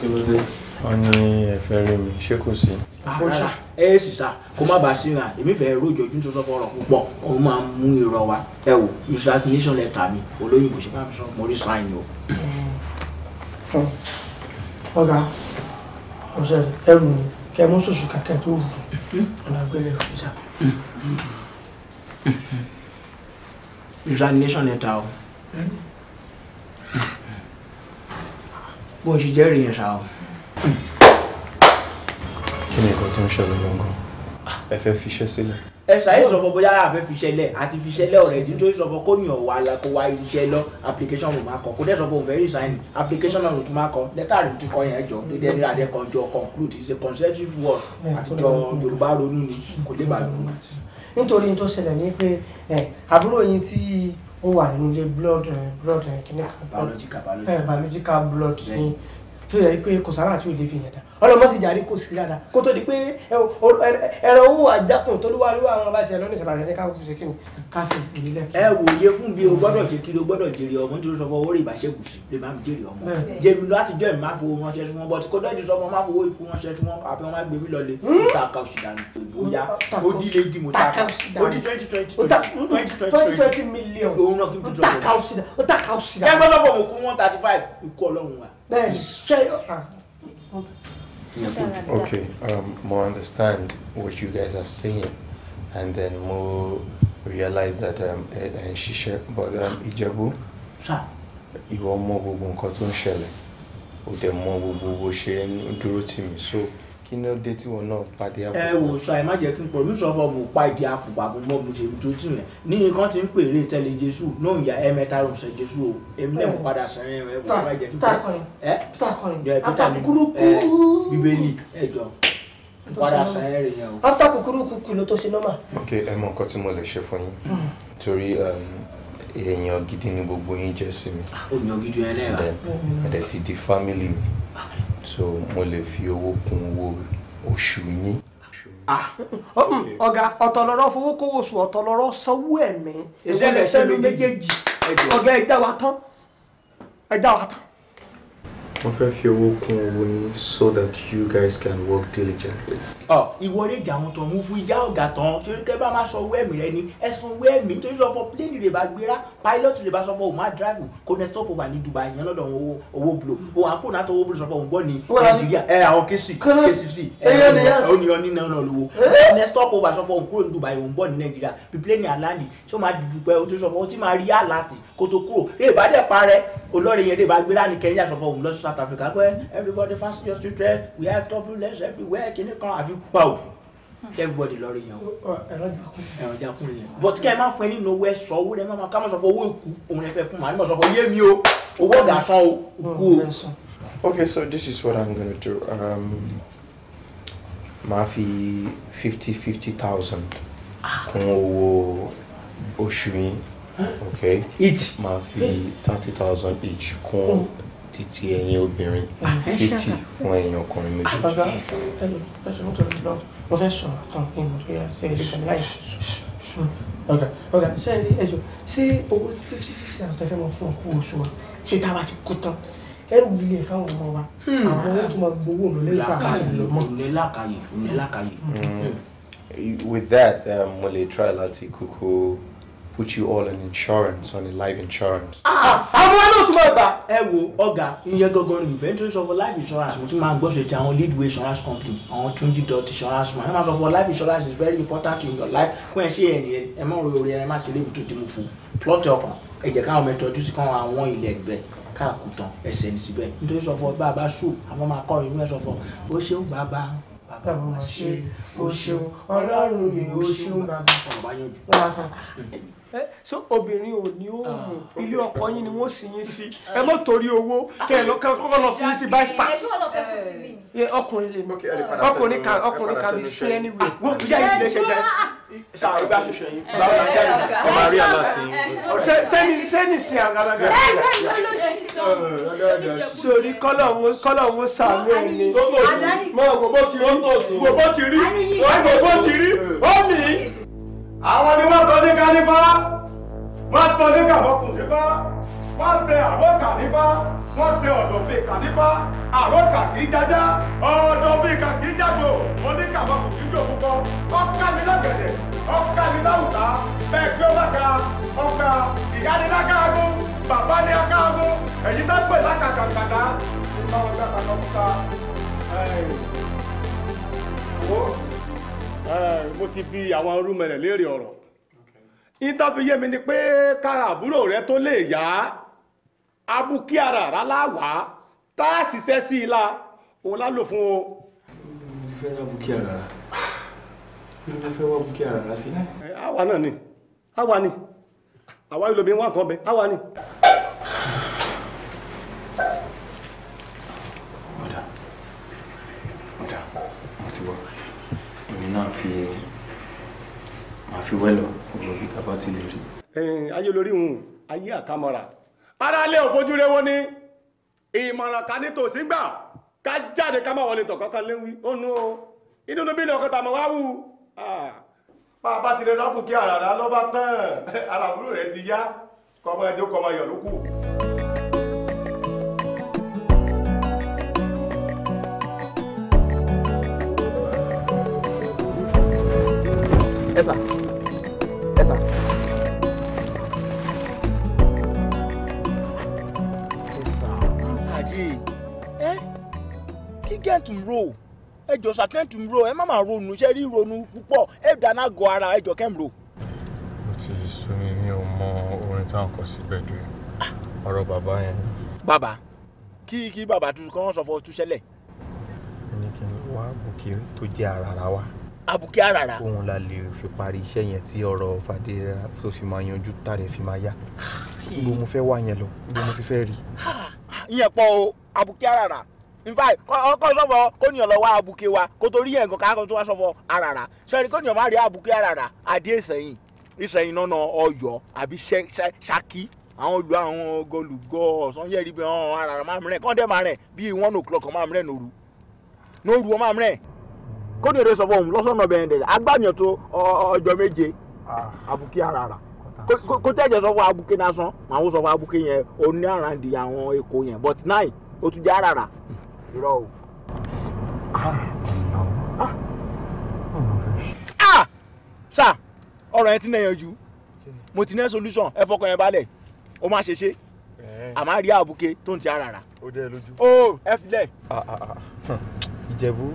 E: kí ló dé
B: wọ́n ní ẹ̀fẹ́ rí mi ṣé kò sí.
D: rárá ẹ sì sá kó má bàa síra èmi fẹ́ rojọ́ ojú tó sọ́kọ̀ ọ̀rọ̀ púpọ̀ ó máa ń mú irọ́ wa ẹ wò ìṣàkínníṣàn lẹ́tà mi olóyìnbó ṣe bá mi sọ mo rí sáìn o.
G: ọ̀gá ọ̀sẹ̀ ẹrù ni kẹ́ mú
D: sùsù kàkẹ́ tó wù hmm? ọ̀nà àgbélé rẹ̀ ṣá. ìṣàkínníṣàn lẹ́tà o bó ṣe jẹ́rìí yẹn ṣá o.
E: kí ni
B: nǹkan tó ń ṣẹlẹ̀ gangan ẹ fẹ́ fiṣẹ́ sílẹ̀.
D: ẹ ṣàyè sọ fún bóyá àfẹ́ fiṣẹ́ lẹ̀ àti fiṣẹ́ lẹ̀ ọ̀rẹ́ ìdí nítorí sọ fún kóyìn ọ̀wà kó wá iṣẹ́ lọ application mo máa kọ kó dẹ̀ sọ fún very sign application náà ló tún máa kọ lẹ́tà rẹ̀ ti kọ yẹn jọ dédé ní adé kan jọ conclude is a consecutive word àtijọ́ Yorùbá ronú ni kò lè bàa dùn. nítorí n tó ṣẹlẹ̀ ní pé
G: àbúrò yín tí ó wà nínú ilé blood eh, blood eh, kìnìkan eh, biological blood tó yẹ pé kò sára tí ò lè fi yẹn dá ọlọmọ sì jàrí kò sí dáadáa kó tó di pé ẹ̀rọ owó àjákùn tó lówó àríwá àwọn bá tiẹ̀ lọ́nà ìṣẹ̀bàjẹ́ ní káwọn ṣe kíni káfí ìbílẹ̀. ẹ wò
D: iye fún bí o gbọ́dọ̀ ṣe kí o gbọ́dọ̀ jèrè ọmọ nítorí sọ fún owó rè ìbáṣẹ́kù sí lè máa jèrè ọmọ jẹmi láti jẹ́ ìmá fowó wọn ṣe tí wọ́n bọ́ tí kò dọ́jú sọ fún máa fowó ikú wọn ṣe tí wọ́n àfi wọn máa gbé mi lọlé hmm? ó dí hmm? twenty twenty twenty twenty million òun náà kí n tó sọ fún ọ. ó tàkà one thirty five ikú ọlọ́run wa
B: okay um, mo understand what you guys are saying and then more realize that um, ẹ ẹ ń but um, Ìjẹ̀bú ìwọ mọ gbogbo nǹkan tó ń ṣẹlẹ̀ or dẹ̀ mọ gbogbo bó ṣe ń dúró tì mí so kí ló dé tí wọn náà pàdé àpò. ẹ
D: wò sọ ẹ má jẹ́ kí n pọ mi sọ fọ mo pa ìdí àpòpà mo mọ ṣe mi tó tìyàn ní nǹkan tí ń pè eré tẹlẹ jésù náà ń ya ẹ mẹ́ta rò sọ jésù o èmi náà mo padà sọ ẹ ẹ wò má jẹ́ kí n pọ ẹ peter kọrin peter kúrúkú bíbélì ẹ jọ
E: padà sọ ẹ rè yẹn o. after kúkúrú kúkú
B: ló tó ṣe nọ́mà. ok ẹ mọ nǹkan tí mo lè ṣe fún yín hmm. torí um, èèyàn gidi ni gbogbo yín jẹ́ sí mi. Ah,
I: èèyàn
E: gidi ẹ náà.
I: ẹ
B: dẹ̀ so mo lè fi owó kún owó oṣù yín.
G: Ah, um, ọ̀gá ọ̀tọ̀ fowó kówó oṣù ọ̀tọ̀ sanwó ẹ̀mí
D: ìwọlẹ̀ sẹ́nu méjèèjì ọ̀gá ẹ̀dá wa tán ẹ̀dá wa tán.
B: mo fẹ́ fi owó kún owó yín so that you guys can work diligently
D: ìwọ lè jà wọn tán mú fún ìyá ọ̀gá tán torí kẹ́ bá má sọ owó ẹ̀mí rẹ ni ẹ san nítorí sọ fọ pléènì rẹ bá gbéra pilot rẹ bá sọ fọ òun á drive kó ní stop over ní Dubai yẹn lọ́dọ̀ owó owó bulo òun àkó náà tó owó bulo sọ fọ òun gbọ́ ní Nàìjíríà ẹ àwọn kesi kesi
B: three ẹ
D: ọ ní ọ ní náà lọ́wọ́ ní stop over sọ fọ òun kúrò ní Dubai òun gbọ́ ní Nàìjíríà bí pléènì alandi tí ó máa dùdùpẹ́ o tó sọ fọ o ti máa rí àlàtì kó tó kúrò rè bá dẹ̀ parẹ́ olórin yẹn rè bá gbéra ní Kenya sọ fọ òun lọ sí South Africa pé everybody fast your children we have trouble less everywhere kìnnìkan àfi pa òkú everybody lọ rí yẹn o ẹ̀rọ jakun yẹn but kẹ́ ẹ máa fún ẹ nínú owó ẹ̀sọ́ owó rẹ máa ká máa sọ fún owó ìkú òun ẹ fẹ́ fún màá ní màá sọ fún yé mi o owó ọ̀gá san o
B: òkú o. okay so this is what i'm gonna do um, màá fi fifty fifty thousand kún owó oṣù okay each màá fi thirty thousand each kún títí ẹ̀yin obìnrin fifty mm-hmm. fún ẹ̀yin ọkùnrin méjì. àgbàgbà
E: ẹsẹ̀ mọ́tò
G: rẹ̀ lọ mo fẹ́ sọ àtàn kí mo tó yà ṣe é lẹ́gbẹ̀ẹ́ láì ọ̀gá ọ̀gá sẹ́ẹ̀rí ẹ̀jọ̀ ṣé owó fifty fifty thousand tẹ́ fẹ́ mọ fún ọkọ oṣù wa ṣé tá a bá ti kú tán ẹrù ilé ẹ̀ fáwọn ọmọ wa hmm. àwọn owó tó máa gbowó lọ lẹ́yìn fún àwọn ọmọ lọ́mọ.
D: ònẹ́lákàyè
B: ònẹ́lákàyè. Hmm. Hmm. with that um, mo um, lè try láti kúkú put you all on insurance on a life insurance.
D: àwọn náà tún máa gbà. ẹ wo ọ̀gá ìyẹn gangan ni ventures of life insurance mo tún máa gbọ́ ṣe ti àwọn leadway insurance company àwọn tunji dot insurance man ẹ máa sọ fún life insurance is very important in your life kún ẹ ṣe ẹ nìyẹn ẹ má ro orí ẹ má ṣe lébi tó ti mú fún plọ́tì ọkàn ẹ jẹ́ káwọn ọmọ ìtọ́jú sí káwọn àwọn ilẹ̀ ẹgbẹ́ káàkùtàn ẹsẹ̀ ní síbẹ̀ nítorí sọ bàbá sùn àwọn máa kọ́ inú ẹ sọ ó ṣeun bàbá bàbá máa ṣe ó ṣeun ọlọ́run ni ó ṣeun bàbá so obìnrin ò ní oòrùn ilé ọkọ yín ni wọ́n sì yín sí ẹ mọ torí owó kẹ ẹ lọkàn kọ́kọ́ lọ sí sí vice pass ọkùnrin lè mọ ọkùnrin kan ọkùnrin kan lè sí ẹni wẹ. wọ́n bí yáyí ilé ṣe sẹ́ni sẹ́ni sí àgàràgà. sori kọ́lọ̀ ń wo sàánú ẹ̀ bó ti rí ó mi
E: àwọn ni wọ́n tọ́ ní kánífà wọ́n tọ́ ní kàmọ́kùn
D: nípa wọ́n tẹ àrọ́kà nípa wọ́n tẹ ọ̀dọ̀fẹ́ kà nípa àrọ́kà kì í jájá ọ̀dọ̀fẹ́ kà kì í jágbó oníkàmọ́kùn kì í jò púpọ̀ ọ̀ká mi lọ́gẹ̀dẹ̀ ọ̀ká mi láwùtá bẹ́ẹ̀ gbé ọ̀làkà ọ̀ká ìyá ni lákàágó bàbá ni akáàgó ẹ̀yìn bá gbé lákàkàkàdá
E: ìbáwọ̀ gbàgbà lọ́kùtà
D: Eh, mo ti bi àwọn rúmẹlẹ léèrè ọ̀rọ̀ ìtàbí mi ni pé kára àbúrò rẹ tó lè yá abúkí ara ráláwá tá a ṣiṣẹ́ sí la òun o. mo
B: ti fẹ́ ra abúkí ara rà mo ti fẹ́ wá ara
D: rà eh, ni àwa ni àwa ìlòmí wọn kan bẹ ni.
B: máa fi máa fi wẹ́lọ̀ gbogbo bí tá a bá ti lè rí.
D: ayé olórí hùn ayé àkàmọ́ra aráalé òfojúrewó ni ìmọ̀ràn ká ní tòsí gbà ká jáde ká má wọlé tọ̀kọ́ kan léwu ó nu o inú níbí ni ọkọ̀ tàmọ̀ wá wù bá a bá ti lè rọ́pù kí àràrà lọ́ba tán àràbúrò rẹ̀ ti yá kọ́mọ ẹjọ́ kọ́mọ yọ̀ lókù.
F: Eh? ẹ sà ẹ sà.
D: kí gẹ́ǹtì ń ro ẹ jọ sà kẹ́ǹtì ń ro ẹ má no ronú iṣẹ́ rí ronú púpọ̀ ẹ dáná gọ ara ẹ jọ kẹ́ǹ ro. mo
I: ti sún mi
B: mi ò mọ orin táwọn kọ síbẹ̀ ju ọ̀rọ̀ bàbá yẹn.
D: bàbá kí kí bàbá tuntun kan sọ fún ọ túṣẹlẹ.
B: ó ní kí n wá gòkè àbùkí àràrà. òun la lè fi parí iṣẹ́ yẹn tí ọ̀rọ̀ fàdéra tó fi máa yanjú tàdé fi máa yá gbogbo mo fẹ́ wà yẹn lọ gbogbo mo ti fẹ́ rí.
D: ìyẹn pọ̀ o àbùkí àràrà in fact ọkọ sọfọ kóníyàn lọ wá abuke wa kó torí ẹ̀ nǹkan káàkó tó wá sọfọ àràrà sẹ́ni kóníyàn má rí abuke àràrà àdé ìsẹ̀yìn ìsẹ̀yìn náà ọ̀yọ́ àbí ṣákí àwọn olù àwọn gọlùgọ ọ̀sán yẹ́rìí bí wọ́n àràrà máa mìíràn kọ́ńdẹ́ máa rẹ̀ bíi one o'clock máa mìíràn nóru nóru wọ́n máa mìíràn kóòtù èdè sọ fún òun lọ́sọ̀nà bẹ́ẹ̀ dẹ̀ agbáyàn tó ọjọ́ méje abuké ah. ara rà kó tẹ̀jẹ̀ sọ fún abuké lásán àwọn sọ fún abuké yẹn oní àràǹdì àwọn èkó yẹn but nine ó tún jẹ́ ara rà irọ́ o. ṣá ah! ọ̀rọ̀ yẹn ti náà yanjú mo ti ní solution ẹ fọkàn yẹn balẹ̀ ó má ṣe ṣe àmọ́ eh. rí abuké tó ń ti ara rà. ó oh, ẹ filẹ̀. Ah,
B: ìjẹ̀bú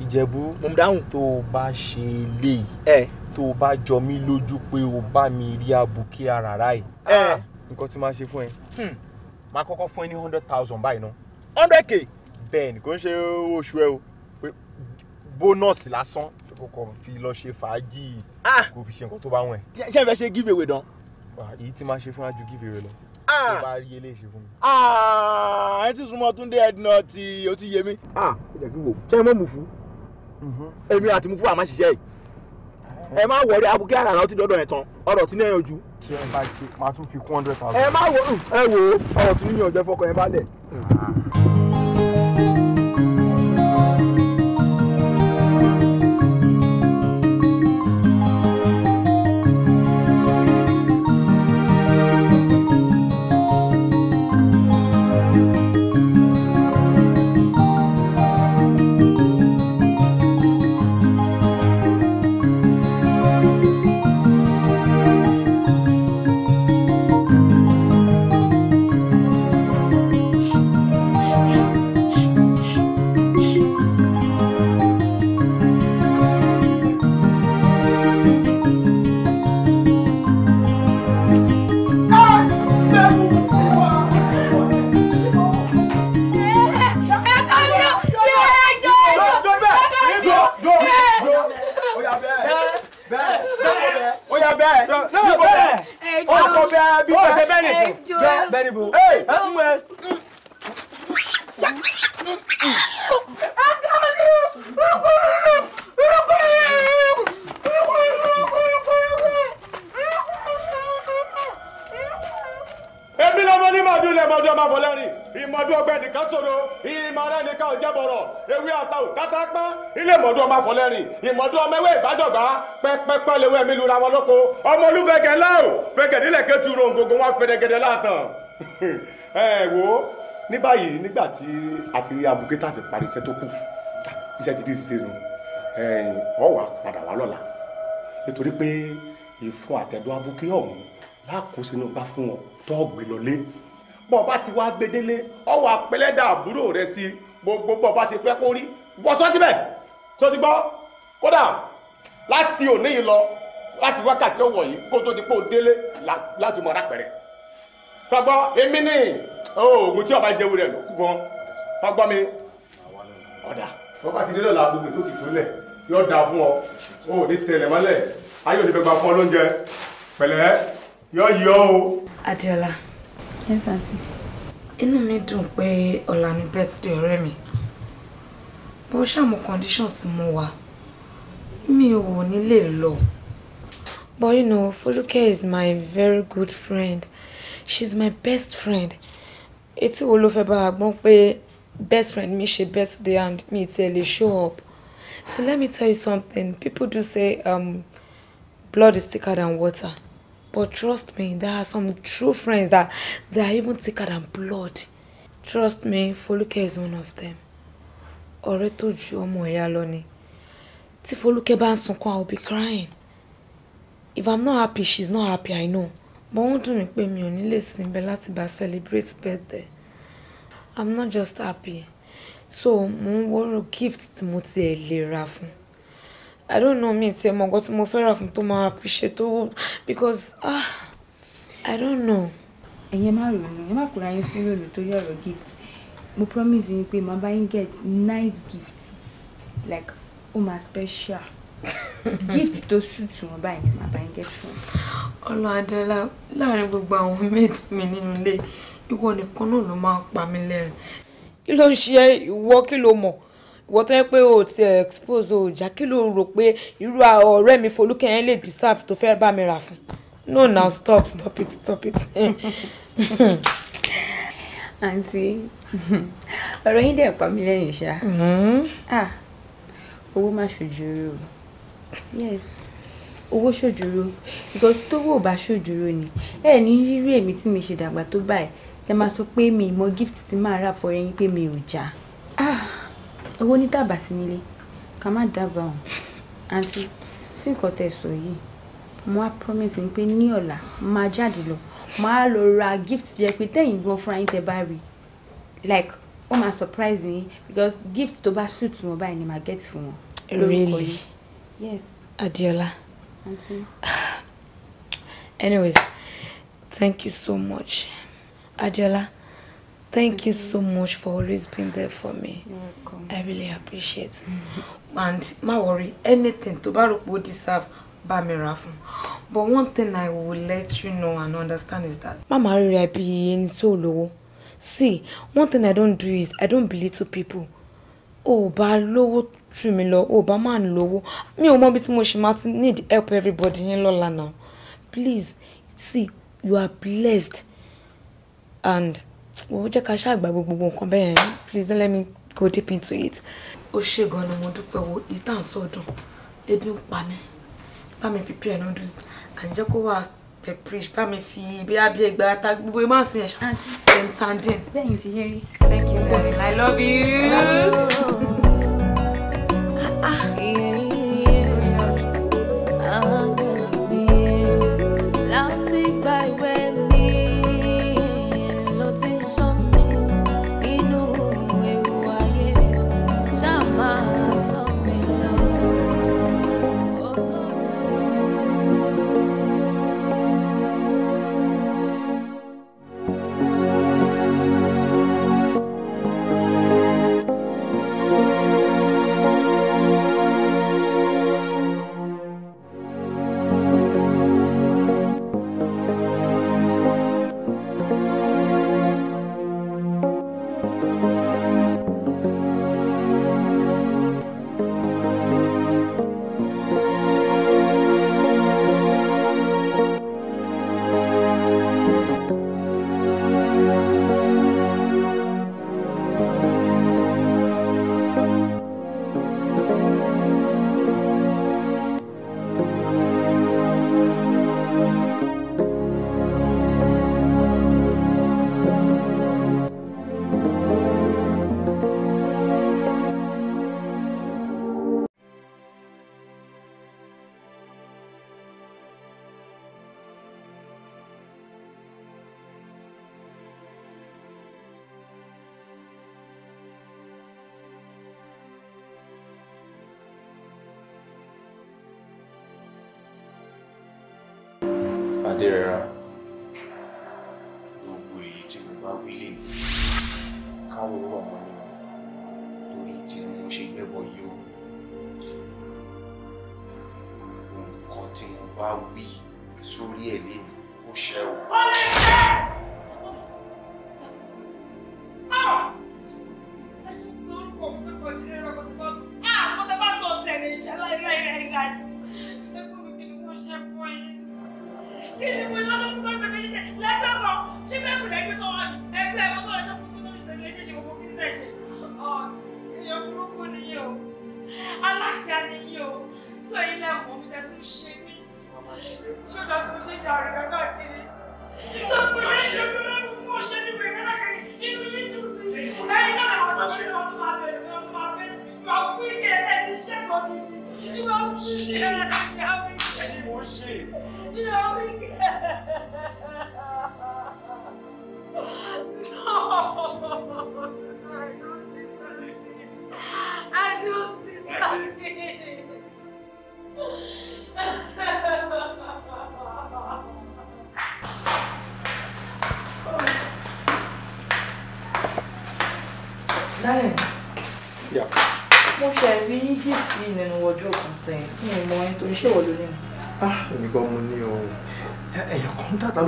B: ìjẹ̀bú mo ń dáhùn tó o bá ṣe eléyìí ẹ tó o bá jọ mí lójú pé o bá mi rí abuké ara rà ẹ ah, nǹkan tí máa ṣe fún ẹ máa hmm. kọ́kọ́ fún ẹ ní hundred
D: thousand báyìí náà hundred k bẹ́ẹ̀ ni kò ń ṣe oṣù ẹ o pé bónọ́ọ̀sì lásán kò kò fi lọ ṣe fàájì ah. kò fi ṣe nǹkan tó bá wọn ẹ. ṣé ẹ fẹ́ ṣe giveaway dán. èyí tí máa ṣe fún ajú giveaway lọ
B: ah. tó bá rí eléyìí ṣe fún mi.
D: ẹ ti súnmọ́ Túndé Edna tí o ti yé mi. ṣé ẹ mọ̀ mú fún un èmi àti mufu àmà ṣiṣẹ́ yìí ẹ má wọlé abuké àràrà ọtí dọdọ yẹn tán ọ̀rọ̀ tí níyànjú ojú. ṣé ẹ bá ṣe máa tún fi kún hundred thousand. ẹ má wo ẹ wo ọ̀rọ̀ tí níyànjú ọjọ́ fọkàn yẹn bá lẹ̀. Ah. lójú ro gbogbo wọn pẹrẹgẹdẹ láàtàn ẹ wo ní
B: báyìí nígbà tí a ti rí abuké tàbí parí iṣẹ́ tó kù iṣẹ́ ti di ṣiṣẹ́ nu ọ wà padà wá lọ́la nítorí pé ìfun àtẹ̀dọ́ abuké
D: ọ̀hún láàkó sínú bá fún ọ tó gbé lọlé bọ́ bá ti wá gbé ọ wà pẹ́lẹ́dà àbúrò rẹ sí gbogbo bọ́ bá ṣe fẹ́ kó rí wọ́n sọ síbẹ̀ tó ti gbọ́ kódà láti òní yìí lọ láti wákàtí ọwọ yìí kó tó di pé o délé láti mọ rápẹrẹ sọgbọ èmi ní oògùn tí ọba jẹwu rẹ ló kú gan sọgbọ mi ọdà ọba ti délé làbùgbé tó ti tó lẹ yóò dáa fún ọ o ò ní tẹlẹ mọ́lẹ̀ ayé òní fẹ́ gba fún ọ lóúnjẹ pẹ̀lẹ́ yọ yọ o.
C: adiola yes aunty inú mi dùn pé ọ̀la ni birthday ọ̀rẹ́ mi bó ṣàmù condition tí mo wà mi ò ní lè lọ. But you know, Foluke is my very good friend. She's my best friend. It's all over fẹ́ bá wa gbọ́n pé best friend mi ṣe birthday and mi tiẹ̀ e lè show up. So let me tell you something. People do say um, blood is thicker than water. But trust me, there are some true friends that they are even thicker than blood. Trust me, Foluke is one of them. Ọ̀rẹ́ tó ju ọmọ ìyá lọ ni. Foluke bá ń sunkún, I will be crying if i'm not happy she's not happy i know but wọ́n dùn mí pé mi ò ní lè sinbẹ̀ láti bá celebrate birthday i'm not just happy so mo ń wọ́rọ̀ gift tí mo ti ẹ̀ lè ra fún i don't know mi ti ẹ̀ mọ̀ nǹkan tí mo fẹ́ rà fún tó máa appreciate tó because ah i don't know. ẹ̀yẹ má ronú ẹ má kúra yín sí ròlù torí ọ̀rọ̀ gift
H: mo promise you pé màá bá yín get nice gift like ó máa special gift
C: tó ṣùtù wọn báyìí ni màá bá ń gẹ́ fún un. ọlọ adela láàrin gbogbo àwọn méjì mi nínú ilé ìwọ nìkan náà ló máa ń pa mí lẹ́rìn. kí ló ń ṣe ìwọ kí ló mọ̀ ìwọ tó yẹ pé o ti expose o jà kí ló rò pé irú ọ̀rẹ́ mi Folúkẹ́ lè deserve tó fẹ́ bá mi rà fún no now stop stop it stop it. àǹtí ọ̀rọ̀ yín dẹ̀ pa mí lẹ́yìn ṣá mm-hmm. ah, owó má ṣojú rẹ̀ o yes owó ṣòjòrò because tówó ò bá ṣòjòrò ni ẹ ní rírú èmi tí mi ṣe dàgbà tó báyìí ẹ máa sọ pé mi ìmọ̀ gift tí máa rà fọ́ yẹn pé mi ò já ah! owó ní tàbá sí nílé ká má dábàá
H: ọ̀hún àǹtí sí nǹkan tẹ̀ sọ yìí mo á promise ni pé ní ọ̀la
C: máa jáde lọ máa lọ ra gift tí pé tẹ̀yìn gan fúnra yín tẹ bá rí like ó máa surprise me because gift tó bá suit wọn báyìí ni màá get fún wọn lórúkọ yìí. Yes. Adiola.
H: Auntie.
C: Anyways, thank you so much. Adiola, thank Auntie. you so much for always being there for me. You're welcome. I really appreciate. Mm-hmm. And ma worry, anything tó bá rò deserve, bá mi rà But one thing I will let you know and understand is that Mama Rira be in so low. See, one thing I don't do is I don't believe to people. Oh, bá low. True, me lọ Oh, bá máa ń me mi ò mọ ibi must need help everybody in Lola now please see you are blessed and o jẹ́ ká ṣàgbà gbogbo nǹkan bẹ́ẹ̀ yẹn please don't let me go deep into it. ó ṣe gan ni mo dúpẹ́ wo ìtàn sọ́dún ebi ń pa mí bá mi prepare noodles à ń jẹ́ kó wà pepperish bá mi fi bí abí egba ata gbogbo ẹ máa sin ẹ̀ṣá and sandin. bẹ́ẹ̀ ni ti yé rí. thank you darling i love you
A: láti gba ìwé.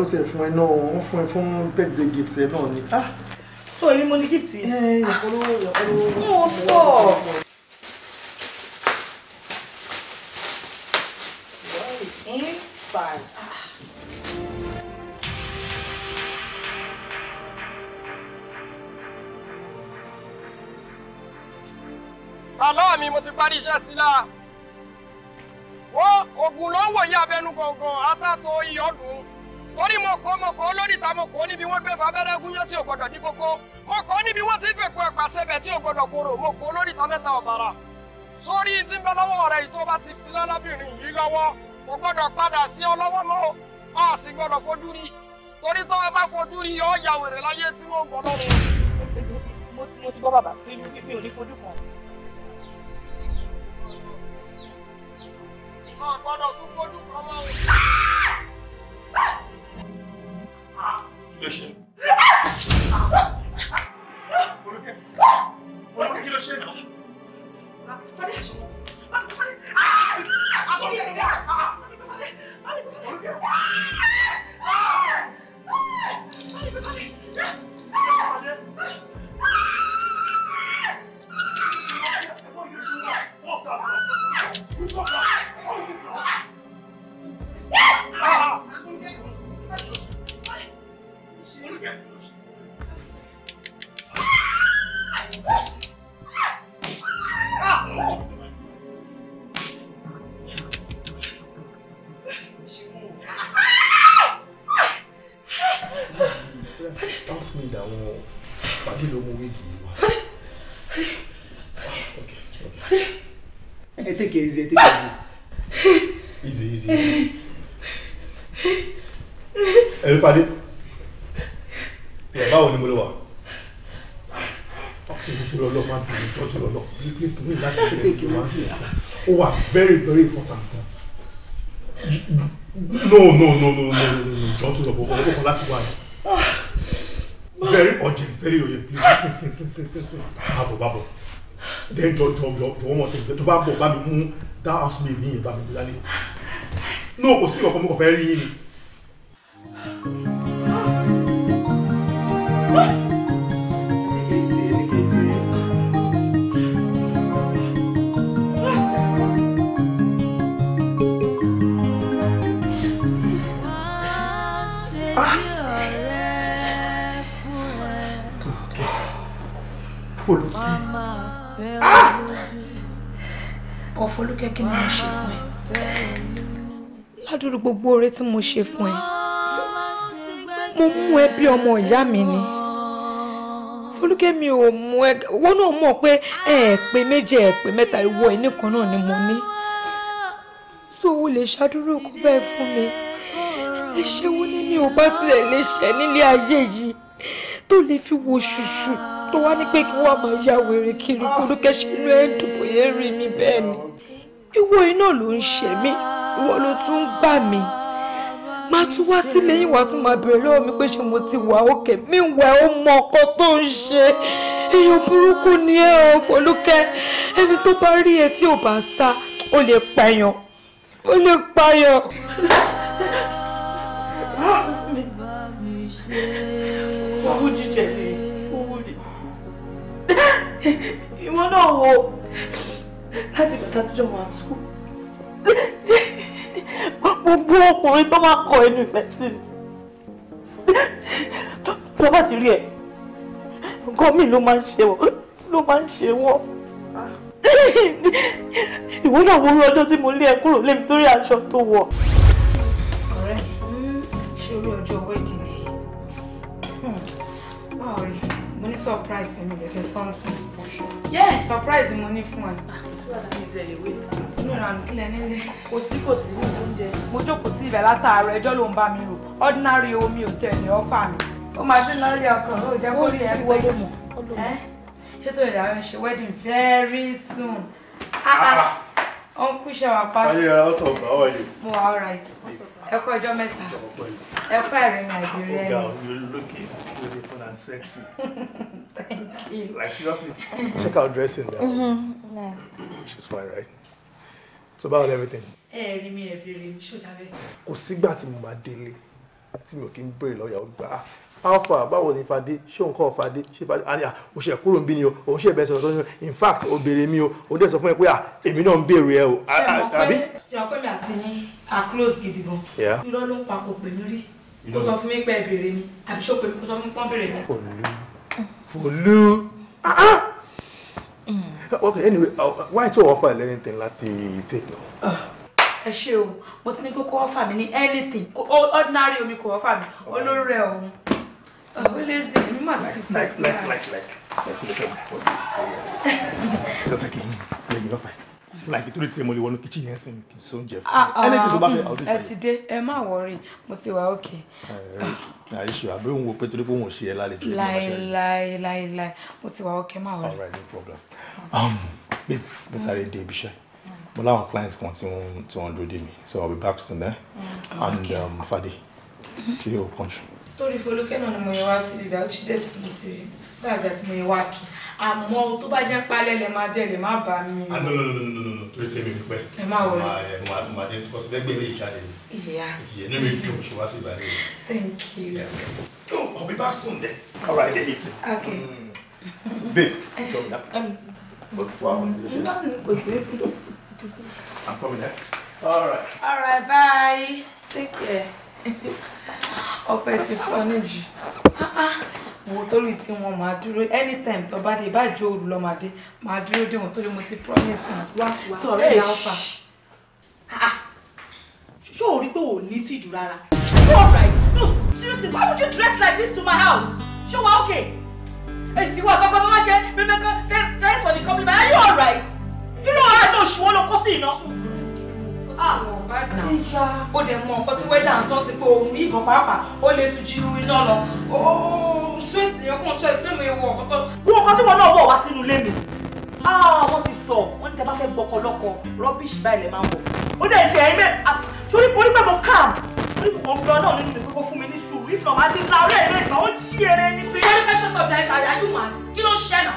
D: ló ti fún ẹ náà wọ́n fún ẹ fún birthday gift ẹ náà ni. tó
G: ah! o ní mo gift yìí. ẹ ah! ìpolówó ìpolówó.
C: inside.
D: Màmá mi mo ti parí iṣẹ́ sí la. Ó ògùn ló wòye abẹnú gangan, atátó iyọ̀dùn ó mo kọ́ mo kọ́ lórí ìta mo kọ́ níbi wọ́n gbé fabẹ́rẹ́ gúnyán tí ò gbọ́dọ̀ ní kókó mo kọ́ níbi wọ́n ti ń fèkó ẹ̀pà tí ò gbọ́dọ̀ korò mo kọ́ lórí ìta mẹ́ta ọ̀bàrà sórí tí ń bẹ lọ́wọ́ rẹ̀ yìí bá ti fi lọ́lọ́bìnrin yìí lọ́wọ́ kò gbọ́dọ̀ padà sí ọ lọ́wọ́ mọ́ ọ sì gbọ́dọ̀ fojú rí torí tó o bá fojú rí ọ ya wèrè láyé tí wọ́n gbọ́ lọ́rùn.
G: mo ti gbọ́ bàbá ló ṣe
E: olùkẹ́
D: olùkẹ́ kí ló ṣe náà fadé àṣọwọ́
E: fadé àṣọwọ́ yẹn ní fadé olùkẹ́ fadé fadé. Ah!
D: Fadé ìjọ tó lọ́lọ́ please mi láti bẹ̀rẹ̀ ìgbé wá sí ẹ̀sà ó wà very very important gan no no no no no no ìjọ tó lọ́bọ̀ ó kọ́ láti wá yẹn very urgent very urgent please sin sin sin sin sin sin bàbọ̀ bàbọ̀ then jọ jọ jọ jọ wọn tẹ̀lé tó bá bọ̀ bá mi mú that house maid yẹn bá mi gbé lálẹ́ no kò sí ọkọ mi kò fẹ́ rí yín ni.
C: ọkọ Fọlúkẹ́ kí ni mo ṣe fún ẹ ládùúrú gbogbo oore tí mo ṣe fún ẹ mo mú ẹ bí ọmọ ìyá mi ni Fọlúkẹ́ mi ò mú ẹ wọn náà mọ̀ pé ẹ pé méjì ẹ pé mẹ́ta ìwọ ẹ nìkan náà ni mo ní so o lè ṣàdúró kó bẹ́ẹ̀ fún mi ẹ̀ṣẹ̀ wo ni mi ò bá tilẹ̀ lè ṣẹ̀ nílé ayé yìí tó lè fi wo ṣùṣù tó wá ní pé kí wọ́n máa ya wèrè kiri fúnukẹ́ ṣe inú ẹ̀ ń dùn bóyá rí mi bẹ́ẹ̀ ni ìwọ iná ló ń ṣe mí ìwọ ló tún ń gbà mí máa tún wá sílé yìí wá tún máa bèrè lọ́wọ́ mi pé ṣé mo ti wà òkè mí wà ó mọ ọkọ tó ń ṣe èèyàn burúkú ni ẹ ò fọlúkẹ́ ẹni tó bá rí ẹ tí ò bá sá ó lè pààyàn ó lè pààyàn.
G: ìwọ náà wo láti bàtà tíjọ wà tó gbogbo ọkùnrin tó máa kọ ẹnu ìfẹ́ sí mi tó bá ti rí ẹ nǹkan mi ló máa ń ṣe wọ́n ló máa ń ṣe wọ́n ìwọ náà wo ọjọ́ tí mo lé ẹ kúrò lémi torí aṣọ tó wọ̀.
E: ọ̀rẹ́ hmm,
C: ṣe orí ọjọ́ wẹ́dìnì ọ̀rẹ́ ní surprise fún mi gẹ́gẹ́ something. yes surprise ni mo ní fún ẹ. Ah, kò sí kò mo jókòó sí ibẹ̀ látàárọ̀ ẹjọ́ ló ń bá mi rò ordinary omi ò tiẹ̀ ní ọ́fà mi ó máa ti lọ́ọ́ ọkàn ó jẹ́ kó rí ẹ pé ṣé tó yẹ àwọn ṣe wedding very soon. Ah, ah. uncle ṣe wà pa. ayé
E: ara ọ̀sán ọ̀gbà wà yìí.
C: mo alright ẹ kú ọjọ́ mẹ́ta ẹ kú ẹ̀rín nàìjíríà.
D: ọ̀gá and sexy. Thank you. Like seriously, check out dressing
E: there.
C: Mm-hmm. Nice.
E: She's fine, right?
D: It's about everything.
G: Ẹ rí mi ẹ̀bí rí mi ṣòdábẹ́.
D: Kò sígbà tí mo máa délé tí mi ò kí ń béèrè lọ́yà ó gbà Alpha báwo ni Fadé ṣé òun kọ́ Fadé ṣé Fadé àní òṣè kúrò ń bí ni o òun ṣe bẹ́ẹ̀ sọ̀rọ̀ sọ́yún in fact o béèrè mi o o dẹ̀ sọ fún mi pé èmi náà ń béèrè ẹ o. Ṣé
C: mo pẹ́ mi àti yín are close gidi gan. Irọ́ ló pa kò pè mí rí kó sọ fún mi pé ẹ mi àbí ṣó pé sọ fún mi pọ́n mi.
D: fòlú fòlú okay anyway uh, uh, why to offer anything láti take now. Ah,
C: ẹ ṣe o mo ti ní pé kó offer mi ní anything ordinary omi kò offer mi olórí rẹ òun ó lè ṣe èmi mà ti fi tẹ̀ fún
D: mi like nítorí tí mo lè wọnú kitchen yẹn sìn kì í so oúnjẹ fún mi ẹni ah, ah, tó bá fẹ́ àwọn tó fẹ́. ẹ ti
C: dé ẹ má wọrí mo ti wà òkè.
D: àìṣe eh, eh, àbí òun wo pé torí pé òun ò ṣe ẹ lálejò. láìláì
C: láìláì mo ti wà òkè má wọrí. all
D: right no problem um, babe mo sáré dé ibi iṣẹ́ mo láwọn clients kan tí wọ́n tí wọ́n dúró dé mi so i will be back soon eh?
C: mm, okay.
D: and um, fade mm-hmm. kí o kàn jù.
C: torí folúkẹ́ náà ni mo yẹ wá sí ibi àti ṣídẹ̀tì mo ti rí dáàbì àti mo yẹ wá kí àmọ́ tó bá jẹ́ palẹ̀ lè máa jẹ́ lè má bà mí. ah no
D: no no no no no torí tèmi dúpẹ́. ẹ má wọlé ma ẹ ma ma jẹ sípọ́sí lẹ́gbẹ̀ẹ́ mi ìjáde. ìyá ti yẹ nínú ìdùn ṣe wá sí ìbàdàn.
G: thank you. Yeah.
D: oh I'll be back soon all right then eat.
G: okay. so
D: mm. babe you eh, come now. Um, what's the problem?
C: what's the I'm
D: coming there. Eh?
C: all right. all right bye. take care. ọpẹ́ ti fọ́ níbi. Ah, ah wo torí tí wọn máa dúró anytime tó bá dé ìbájú òru lọ máa dé máa dúró dé wọn torí mo ti promise wọn wá sí ọ̀rẹ́ ìyá ọfà. Ah, ah. ṣé o rí pé o ní tìjú rárá. all right
G: no seriously why would you dress like this to my house ṣé wàá ok ìwọ àkọ́kọ́ bí
C: wọ́n ṣe bíbẹ́ kan
G: thanks for the compliment are you all right? irú ọ̀rẹ́ àti òṣùwọ̀n ló kó sí iná
C: wọn ah, bá dà ó dẹ̀ mọ nǹkan tí wẹ́dà ń sọ sí pé òun yìí kan pàápàá ó lè tún jí irú iná lọ ṣéèsì yẹn kún sọ ẹ pé mi wọ ọkọ tó. wo ọkọ tí wọn náà bọ̀ wá
G: sínú ilé mi. Ah, wọ́n ti sọ wọ́n ní tẹ́bá fẹ́ gbọ́kọ lọ́kọ rọ́bìṣì báyìí lè máa ń wọ̀. ó dẹ̀ ṣe ẹ̀yìn mẹ́ ah, torí mo nígbà mo kà torí mo gbọ́ náà nínú ìpínlẹ̀ kó fún
C: mi ní sùúrù ìfọ̀mọ́ àti ńlá orí ẹ̀ lẹ́sàn-án ó jí eré ní pé. ṣé ẹ fẹ́ ṣọ́tọ̀ ọ̀dà ìṣàyájú màá kí ló ṣẹ́ náà.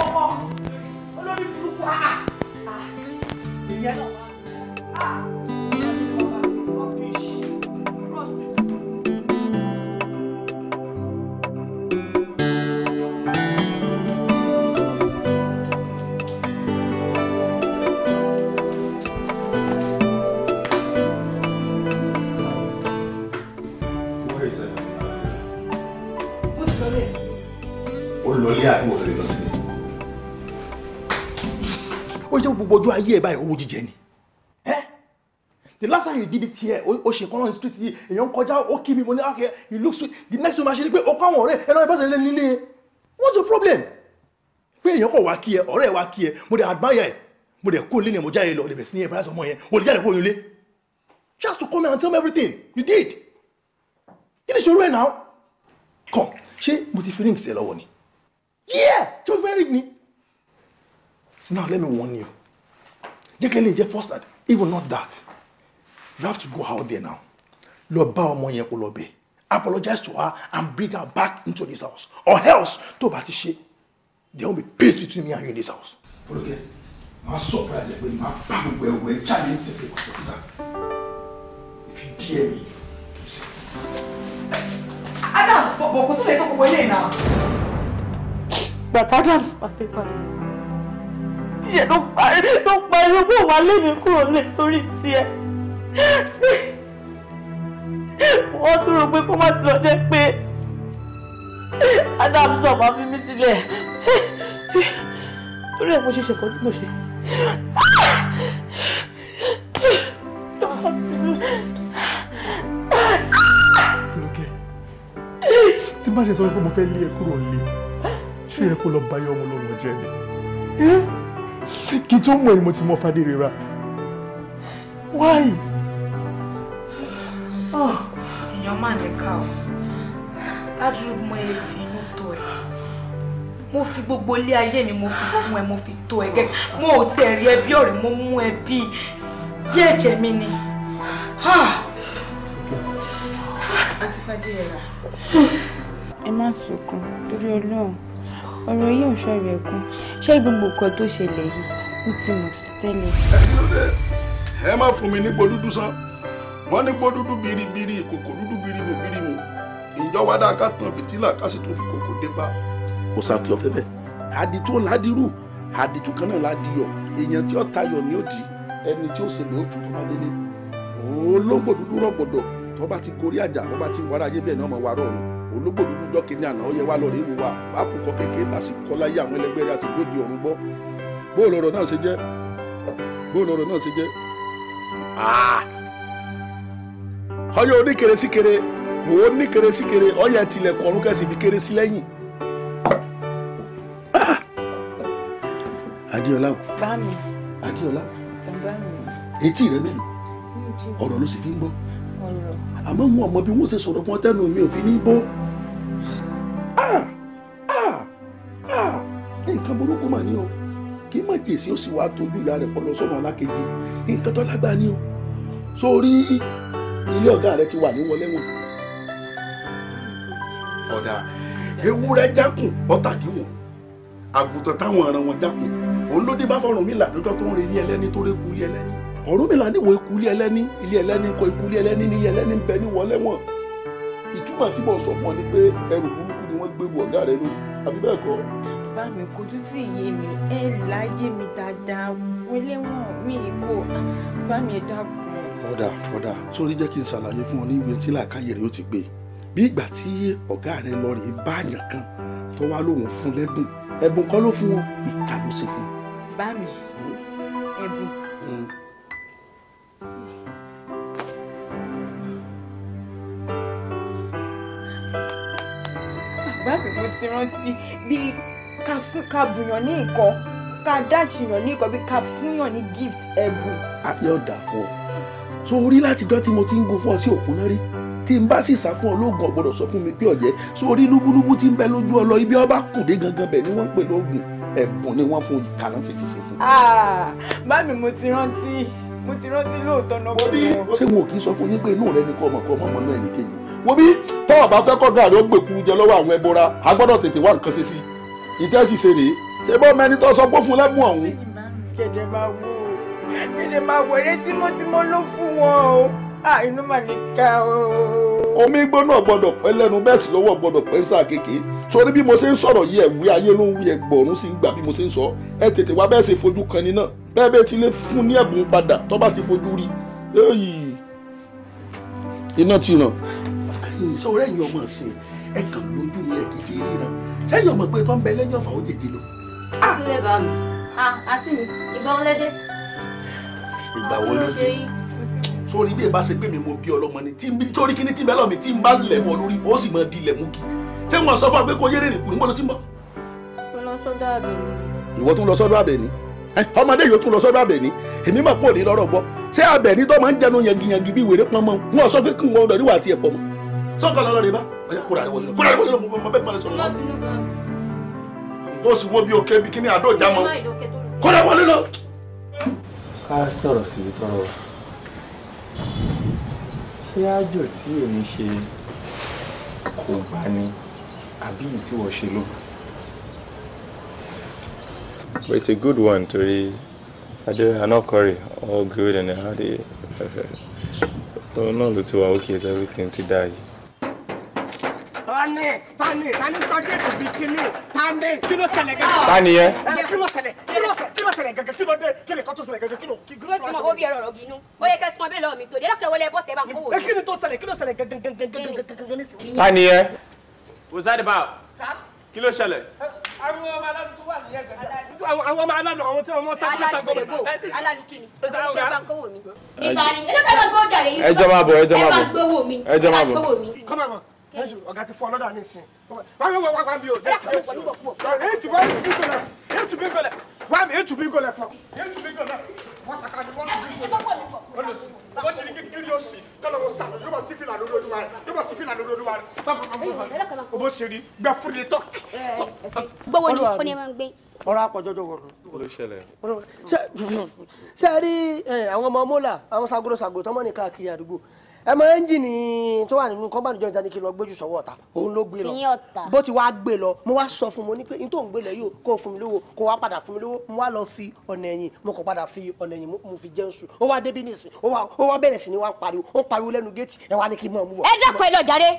E: ìyẹn náà.
D: Olha, olha, olha, olha, olha ó ṣe gbogbo ojú ayé ẹ̀ báyìí owó jíjẹ ni the last time you did it here ó ṣe kọ́nà ní street yìí èèyàn kọjá ó kí mi mo ní ah, okay he looks sweet the next time ma ṣe ni pé ó kọ́ àwọn ọ̀rẹ́ ẹ lọ́ọ́ ìbáṣẹ̀ nílé what's your problem pé èèyàn kọ̀ wá kí ẹ ọ̀rẹ́ wá kí ẹ mo dẹ̀ admire ẹ mo dẹ̀ kó nílé mo jáde lọ lẹ́bẹ̀ sí ní ẹ̀bẹ̀rẹ̀ sọmọ yẹn o lè jáde kó nílé just to come here and tell me everything you did kí ni ìṣòro ẹ̀ náà kàn ṣé mo ti fi ring sí ẹ lọ́wọ́ ni yeah ṣé mo ti fi ring ni So now let me warn you. Jekele jẹ́ first at even not that. You have to go out there now. Lọ bá ọmọ yẹn kó Apologize to her and bring her back into this house. Or else to bá ti there won't be peace between me and you in this house. Fọlọ́kẹ́, máa surprise ẹ pé máa bá gbogbo ẹ̀wọ̀ ẹ̀ jáde ní sẹ̀sẹ̀ pàtó If you dare me, you say.
G: Adams, But kò tó lè tó gbogbo ilé náà. But Adams, pàdé pàdé ìyẹn ló fa ló pa irúgbó wa lémi kúrò lé torí tiẹ̀ wọ́n tún rò pé kó má lọ jẹ́ pé adamson máa fi mí sílẹ̀ torí ẹ̀ mo ṣe ṣẹ̀kọ́ tí mo ṣe.
D: Fúnkẹ́, tí má ṣe sọ pé mo fẹ́ lé ẹ kúrò lé, ṣé ẹ kó lọ bá yọ ọmọ lọ́wọ́ jẹ́ ni? kí tó mọ èyí mo ti mọ fadé why.
C: Ah. èèyàn máa ní ká o ládùúgbò mo ẹ fi inú tó ẹ mo fi gbogbo ilé ayé mi mo fi fún ẹ mo fi tó ẹ gẹ mo ò tiẹ̀ rí ẹbí ọ̀rẹ́ mo mú ẹ bí bí ẹ̀jẹ̀ mi ni. Ah.
H: àti fadé ra
C: ẹ má sunkún torí Ọlọ́run ọ̀rọ̀ yìí ò ṣọ̀rọ̀ ẹ̀kún ṣé gbogbo nǹkan tó ṣẹlẹ̀ yìí kú tí mo sì tẹ́lẹ̀. ẹ
D: má fún mi nípo dúdú sán wọn nípo dúdú biribiri ìkòkò dúdú birimu birimu ìjọba dáa ká tan fìtílà ká sì tún fi kòkò dé bá. kò sàkè ọ̀fẹ́ bẹ́ẹ̀ àdìtú ládìrú àdìtú kan náà ládìyọ èèyàn tí ó tayọ ni ó di ẹni tí ó ṣèlè ó tutù má délé olóńgbò dúdú rọ̀gbọ̀dọ̀ tó bá ti gorí àjà tó bá ti ń wára ayé bẹ́ẹ̀ ni ọmọ wa rọrùn olóńgbò dúdú jọ́kìnrin àná ó yẹ wá lọ rèé wò wá bá kú kọ́ bá sì kọ́ láyé àwọn ẹlẹgbẹ́ rẹ̀ àti lóde ọ̀run gbọ́ bó lọ̀rọ̀ náà ṣe jẹ́ bó lọ̀rọ̀ náà ṣe jẹ́ ah! ọyọ oníkèrè sí kèrè òwò oníkèrè sí kèrè ọyẹ tilẹ̀ kọ̀ọ̀rún kẹsì fi kèrè sí lẹ́yìn. Ah! adiola o adiola etí rẹ mélòó ọ̀rọ̀ ló sì fi ń gbọ́ àmọ́ wọn ọmọ bí wọ́n ṣe sọ̀rọ̀ fún ọtẹ́nu mi ò fi ní bọ́ ah! nǹkan burúkú mà ní o kí mọ̀jèsí ó sì wá tójú ìyá rẹ̀ kọ́ lọ sọ́nà alákejì nǹkan tó lágbá ni o sórí ilé ọ̀gá rẹ ti wà ní wọléwọ̀n. ọ̀dà ewúrẹ́ jákùn ọ̀tà kí wọ́n àgùntàn táwọn ọ̀ràn wọn jákùn òun ló dé bá fọ̀rùn mi làdójọ́ tó ń re ní ẹlẹ́ni tó ré kulí ẹlẹ́ni. ọ̀rùn mi là ní ìwọ ikú ilé ẹlẹ́ni ilé ẹlẹ́ni kọ ikú ilé ẹlẹ́ni ní ẹlẹ́ni ń bẹ ní wọléwọ̀n ìtumọ̀ tí mo sọ fún ọ ni pé ẹrù burúkú ni wọ́n gbé wọ ọ̀gá rẹ lórí àbí bẹ́ẹ̀ kọ́
C: bá mi kojú tí ìyé mi ẹ láyé mi dáadáa wọlé wọn mi kò bá mi dákun.
D: ọ̀dà ọ̀dà sórí jẹ́ kí n ṣàlàyé fún ọ ní ìwé tí làákàyè rẹ ó ti gbé bí ìgbà tí ọ̀gá rẹ lọ rèé báàyàn kan tó wá lóun fún lẹ́bùn ẹ̀bùn kan ló fún wọn ìkà
G: ló ṣe fún.
C: bá mi ẹ̀bùn. Hmm. bá mi mo ti rántí bíi ká fún ká bùyàn ní nǹkan ká dáṣìyàn ní nǹkan bí ká fúnyàn ní gift ẹ̀bùn.
D: ayọ̀ dà fún ọ sórí látijọ́ tí mo ti ń gun fún ọ sí òkun náà rí tí n bá sì sá fún ọ lóògùn ọ̀gbọ́dọ̀ sọ fún mi pé ọ̀jẹ́ sórí lúbúlúbú tí ń bẹ lójú ọ lọ ibi ọba kùdé gangan bẹ̀ ni wọ́n pè lóògùn ẹ̀bùn ni wọ́n fún ìka sì fi ṣe fún.
G: báàmì mo ti rántí mo ti rántí lóòótọ́ náà. wọ́n bí ṣé
D: wọn ò kì sọ fún yín pé inú rẹ ni kọ́ ọmọ kọ́ ọmọ ọmọ náà ẹnì kejì wọ́n bí tọ́wọ́ bá fẹ́ kọ́ gàrí gbèkú jẹ lọ́wọ́ àwọn ẹbọra a tètè wá nǹkan ṣe sí i ìtẹ́sí ṣe rèé ṣé bọ́ mẹ́ni tó sọ pé fún lẹ́bùn ọ̀hún. kẹ̀dẹ̀ máa wo kẹ̀dẹ̀ máa wo eré tímọ́tímọ́ ló fún wọn o ah, inú mà ní ká o. omi gbóná gbọ́dọ̀ pẹ́ lẹ́nu bẹ́ẹ̀ sì lọ́wọ́ gbọ́dọ̀ pẹ́ ń sá kéèké sórí bí mo ṣe ń sọ̀rọ̀ yìí ẹ̀wí ayé ló ń wí ẹgbọ̀rún sí ń gbà bí mo ṣe ń sọ ẹ tètè wá bẹ́ẹ̀ ṣe fojú kan ni náà bẹ́ẹ̀ bẹ́ẹ̀ ti lè fún ní ẹ̀bùn padà tó bá ti fojú rí iná ti ràn. sọ rẹ́yìn ọmọ ọ̀sìn ẹ̀kàn lójú ni ẹ̀ kì í fi ríran sẹ́yìn ọmọ pé tó ń bẹ lẹ́yìn ọ̀fà ó jèjì lọ.
F: ìpínlẹ̀ bá mi
I: àti mi ìgbà wọlé dé. ìgbà wọlé dé
D: sórí bí ẹ bá ṣe pé mi mo bí ọlọ́mọ ni tí n bí sórí kíní tí n bẹ lọ́ọ̀ mi tí n bá lẹ̀ mọ́ lórí ó sì máa di ilẹ̀ mú kí ṣé wọn sọ fún ọ pé kó yéré rìn kùn nígbà tó ti ń bọ̀.
A: mo lọ sọ́dọ̀ àbẹ̀ni.
D: ìwọ tún lọ sọ́dọ̀ àbẹ̀ni ọmọdé yìí ó tún lọ sọ́dọ̀ àbẹ̀ni èmi mọ̀ pé òní lọ́rọ̀ gbọ́ ṣé àbẹ̀ni tó máa ń jẹnu yangiyangi bí wèrè pọnmọ́ wọn sọ pé kí n wọ́n lọ àti ẹ̀pọ̀ mọ́ sọ́kàn lọ́rọ̀ rẹ bá ọyá kúrò àríwọlé lọ kúrò àríwọlé lọ mo bẹ balẹ̀ sọ̀rọ̀ lọ. ó sì wo bí òkè bí kíní àdó ìjà mọ kúrò àríwọlé lọ. ká sọ̀rọ̀ sí i tọrọ
B: ṣé àjò tí èmi ṣe kò gbà ni àbí èyí tí wọ́n ṣe ló gbà. But it's a good one torí Adéwà náà kọrì all good and healthy. Òun náà ló ti wà okay everything ti dá yìí
F: tani tani tani gbàgede bi kini tani. kí ló ṣẹlẹ̀ gẹ́gẹ́. tani yẹn. Eh, kí ló ṣẹlẹ̀ kí ló ṣẹlẹ̀ kí ló ṣẹlẹ̀ gẹ́gẹ́ kí ló dé kí ni kọ́tù ṣẹlẹ̀ gẹ́gẹ́ kí ló. yóò ti mọ orí ẹ̀rọ ọ̀rọ̀
I: gínú ó yẹ kẹ́ tí mo bẹ́ẹ̀ lọ́ọ̀ mi tó yẹ́dọ̀kẹ́ wọlé ẹbọ tẹ́ bá ń kó wò. Eh, kí ni tó ṣẹlẹ̀ kí
F: ló ṣẹlẹ̀ gẹ́gẹ́
I: tani
D: yẹn. was that about? kí ló ṣẹlẹ̀.
I: àwọn eh, ọmọ aládùn tó wà ní ẹgbẹ́ àwọn ọmọ aládùn àwọn tí wọn sábà sábà gbọmọ. aládùn kìíní ọjọ́ bá ń kówó mi. ìbànú ẹjọ́ bá ń kówó jàre yìí. ẹjọ́ máa bọ̀ ẹjọ́ máa bọ̀ ẹjọ́ máa bọ̀ ọ̀gá ti fún ọ
D: lọ́dà nísìn báwo wọ wá wá mi o jẹ́ ẹ̀ ètù bá ètù bí gọlẹ̀ ètù bí gọlẹ̀ wá mi ètù bí gọlẹ̀ fún ètù bí gọlẹ̀ wọ́n sàkà ní wọ́n tún bí gọlẹ̀ wọ́n ti ní kíkiri yóò sì kọ́lọ̀ wọ́n sàlọ̀ yóò bá sí fìlà lórí olúwa rẹ̀ yóò bá sí fìlà lórí olúwa rẹ̀
I: o bó ṣe rí gbẹ fún mi tọ́kì. gbọ́wọ́ ni kò ní ẹ máa ń gbé.
D: ọ̀rọ̀ àpọ̀jọ́jọ́ wọ̀ ṣe rí àwọn ọmọ mọ́là àwọn sagoro sagoro tọ́mọ́ ní káàkiri àdúgbò ẹ mọ ẹ́ńjìnì tó wà nínú kọ́ńbà níjọ́ ìjáde lọ gbójú sọ́wọ́ ọ̀tá òun ló gbé lọ bó ti wá gbé lọ mo wá sọ fún mo ní pé n tó ń gbé lọ yìí o fún mi lówó kó wá padà fún mi lówó mo wá lọ fi ọ̀nà ẹ̀yìn mo kò padà fi ọ̀nà ẹ̀yìn mo fi jẹun sùn ó wá débi nìsín ó wá
I: bẹ̀rẹ̀ sí ni wá ń pariwo ó ń pariwo lẹ́nu géètì ẹ wá ní kí n mọ̀ mú wọ. ẹ dákun ẹ lọ jàre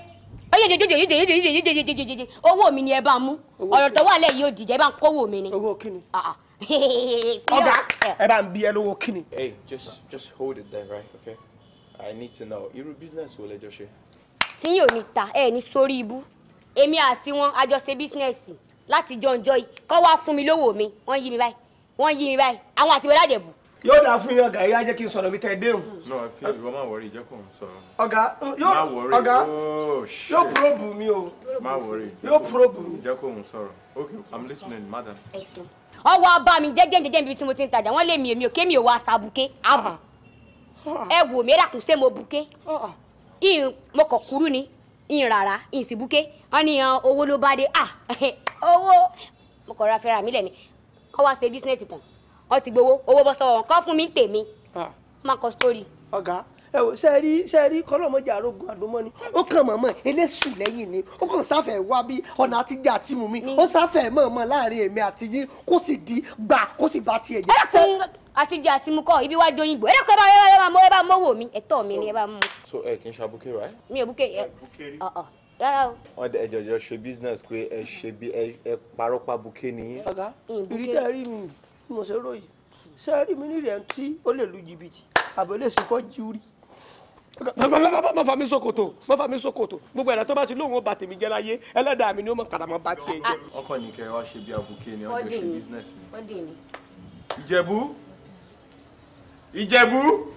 I: oye jejeje jejeje jejeje jejeje owó mi ni ẹ bá mú ọ̀rọ̀ tó wà lẹ́yìn òdìjẹ́ bá ń kówó mi ni. owó kíni. ọ̀gá
D: ẹ bá ń bí ẹ lówó kíni. hey just just hold it there right okay.
B: I need to know irú business wo lẹjọ ṣe.
I: tí yóò ní ta ẹ ní sórí ibú èmi àti wọn a jọ ṣe bísínẹ́sì láti jọǹjọ yìí kọ́ wá fún mi lówó mi wọ́n yí mi báyìí wọ́n yí mi báyìí àwọn àti wẹ́lá jẹ̀bù.
D: yóò dáa fún yín ọ̀gá yìí á jẹ́ kí n sọ̀rọ̀ mi tẹ́ ẹ déhùn. no àfi ìwọ máa wọrí ìjẹ́kùn sọ̀rọ̀. ọ̀gá yóò ọ̀gá oh, yóò
I: probe mi o.
D: máa wọrí yóò probe mi. ìjẹ́kùn sọ̀rọ̀ okay i'm listening madam.
I: ọwọ́ abá mi jẹ́gẹ́ jẹ́gẹ́ níbi tí mo ti ń tajà wọ́n lé mi èmi ò kémi ò wá sàbùké àbù. Ah ẹ wò mí dàkún ṣé mo buké mo kọ̀ kúrú ni ìyìn rárá ìyìn sì buké wọn ni owó ló bá dé ah owó mo kọ̀ ra fẹ́ra mi lẹ́ni wọ́n wá ṣe bísínẹ́sì tán wọ́n ti gbowó owó bọ́ sọ́wọ́ kọ́ fún mi tèmi ah. máa kọ sórí. ọ̀gá
D: ẹ wò ṣe rí ṣe rí kọlọmọjà arógun àdómọni ó kàn mọ̀mọ́ eléṣù lẹ́yìn ni ó kàn sáfẹ́ wá bí ọ̀nà àtijọ́ àti mùmí ó sáfẹ́ mọ̀ọ́mọ́ láàrin èmi àti yín kó sì di
I: gbà kó sì bá tiẹ̀ jẹ́. ẹ kún àtijọ́ àti mu kọ́ ibi wájú òyìnbó ẹ kọ́ ẹ bá ẹ bá mọ ẹ bá mọ́wọ́ mi ẹ̀tọ́ mi ni ẹ bá mú.
B: so ẹ kì í ṣe abuké rà.
I: mi ò buké ẹ rárá o.
B: wọn dẹ ẹjọ jọ ṣe business pé ẹ ṣe bí ẹ parọ́ pa buké nìyí. ọ̀gá
I: ìrítẹ́ rí
D: mi mo ṣe ròyìn ṣe rí mi nírẹ̀ tí ó lè lu jìbìtì àbẹ̀lẹ̀ sùn fọ́ jírí mọ́fà mi sókòtò mọ́fà mi sókòtò gbogbo ẹ̀dá tó bá ti lóun ó bà tèmi jẹ́ láyé ẹlẹ́dàá mi ni ó mọ̀ padà mọ́ bá tiẹ̀ jẹ́.
B: ọkọ ní kẹ wá ṣe bí abuké ni ọjọ ṣe business ni.
D: ìjẹ̀bú ìjẹ̀bú. ìjẹ̀bú.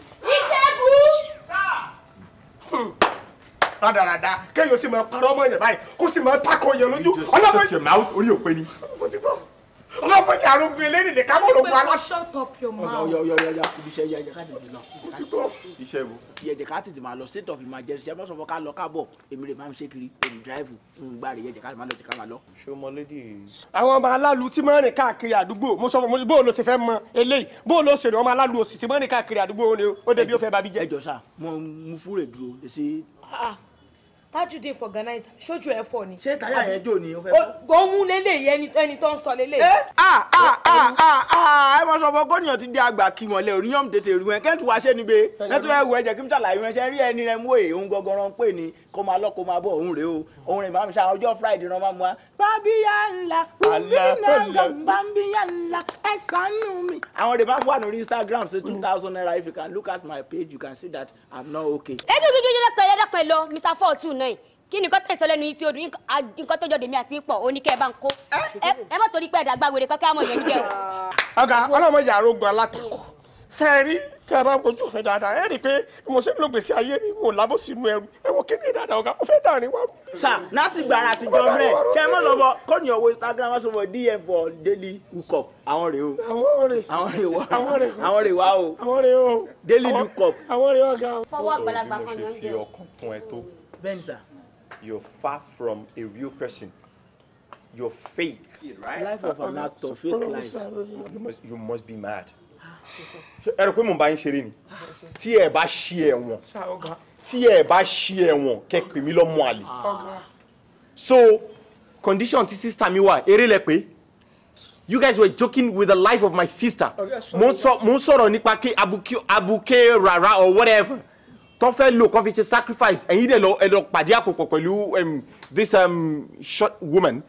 D: rádaràda kéèyàn sì máa parọ́ mọ́ ẹ̀yàn báyìí kó sì máa takọ̀ yẹn lójú. you just shut your orí òpin ni. mo ti gbọ́
C: wọ́n mọ̀ sí arúgbó eléyìí ní ká mọ̀ ló gba aláṣọ. shut up your mouth. ọ̀yọ̀
D: ọ̀yọ̀ ọ̀yọ̀ ibi iṣẹ́ yẹ ká tètè lọ. o ti tọ́ iṣẹ́ wo. yẹ̀jẹ̀ ká tètè máa lọ state of emergency ṣẹ́fọ́ sọ̀fọ́ ká lọ ká èmi rè máa ń ṣe kiri èmi drive ń gbá rè yẹ̀jẹ̀ ká máa lọ jẹ̀ ká máa lọ. ṣé o mọ lédi. àwọn ọmọ aláàlú tí máa ń rìn káàkiri àdúgbò mo sọ bó lo ṣe fẹ́ mọ eléyìí bó lo ṣe rìn ọmọ aláàlú òsì tí máa ń rìn káàkiri àdúgbò ó débi ó fẹ́ babi jẹ́. ẹ jọ sá mo mú fúrè dúró lè ṣe
C: tajudeen for organizer ṣojú ẹ fọ ni. ṣé táyà yẹn jò ní o fẹ́ fọ. gbóhùn lélẹ́yìí ẹni tó ń sọ lélẹ̀. Eh, ah, ah, ah, ẹ a a a
D: a ẹ mọ sọ fún gómìnà ti dé àgbà kí mọ̀lẹ́ oníyàn tètè rú ẹ kẹ́ntù wá ṣé níbẹ̀ ẹ tó ẹ wù ẹ jẹ́ kí n ṣàlàyé rẹ ṣe rí ẹni rẹ mú èyí òun gọgọrọ ń pè ní kó máa lọ kó máa bọ̀ òun rèé o òun rèé màmí ṣá ọjọ́ friday náà máa mú wa. bábíyá ńlá bùnbínà
G: bábíyá ńlá
D: ẹ ṣàánú mi. àwọn rèé máa ń wà lórí instagram say two thousand naira if you can look at my page you can see that i'm not okay. ẹ
I: dúdú dúdú lẹ́pẹ̀lẹ́ lẹ́pẹ̀lẹ́ mr four two nine kí ni nǹkan tẹ̀ sọ lẹ́nu yìí tí o nǹkan tó jọ̀dẹ̀ mi àti pọ̀ o kẹ́ ẹ bá ń kó ẹ mọ̀ torí pé ẹ̀dá gbàgbére kọ́kẹ́ àmọ̀ ìyẹn ní
D: ọ̀gá ọlọ́mọ yàrá ogun alátakò ṣe é tí a bá ń gbójú dáadáa ẹ rí i pé mo ṣe ń lo gbèsè ayé mi wò lábò sínú ẹrù ẹ wò kí ni dáadáa ọ̀gá mo fẹ́ dàrin wá. sà láti gbàrà àti jọ rẹ kẹ mọ lọ bọ ní ọwọ́ Instagram wá sọfọ dm for daily lookup àwọn rèé o àwọn rèé àwọn rèé àwọn rèé wá o àwọn rèé o daily lookup àwọn rèé ọ̀gá o. fọwọ́ àgbàlagbà kan ní oúnjẹ o bẹ́ẹ̀ ni sà. you are far from a
B: real person you are fake.
E: Right? life of an actor fake life. you must,
B: you must be mad ẹ pé mò ń bá yín ṣeré ni tí ẹ bá ṣí
D: ẹ̀wọ̀n tí ẹ bá ṣí ẹ̀wọ̀n kẹ́ pè mí lọ́mọ àlè ah. so condition ti sister mi wà eré lẹ pé you guys were joking with the life of my sister mo ń sọ̀rọ̀ nípa ké abuké Rara or whatever tó fẹ́ lò kó fi ṣe sacrifice ẹ̀yin dẹ̀ lọ ẹ lọ pàdé àpòpọ̀ pẹ̀lú this um, short woman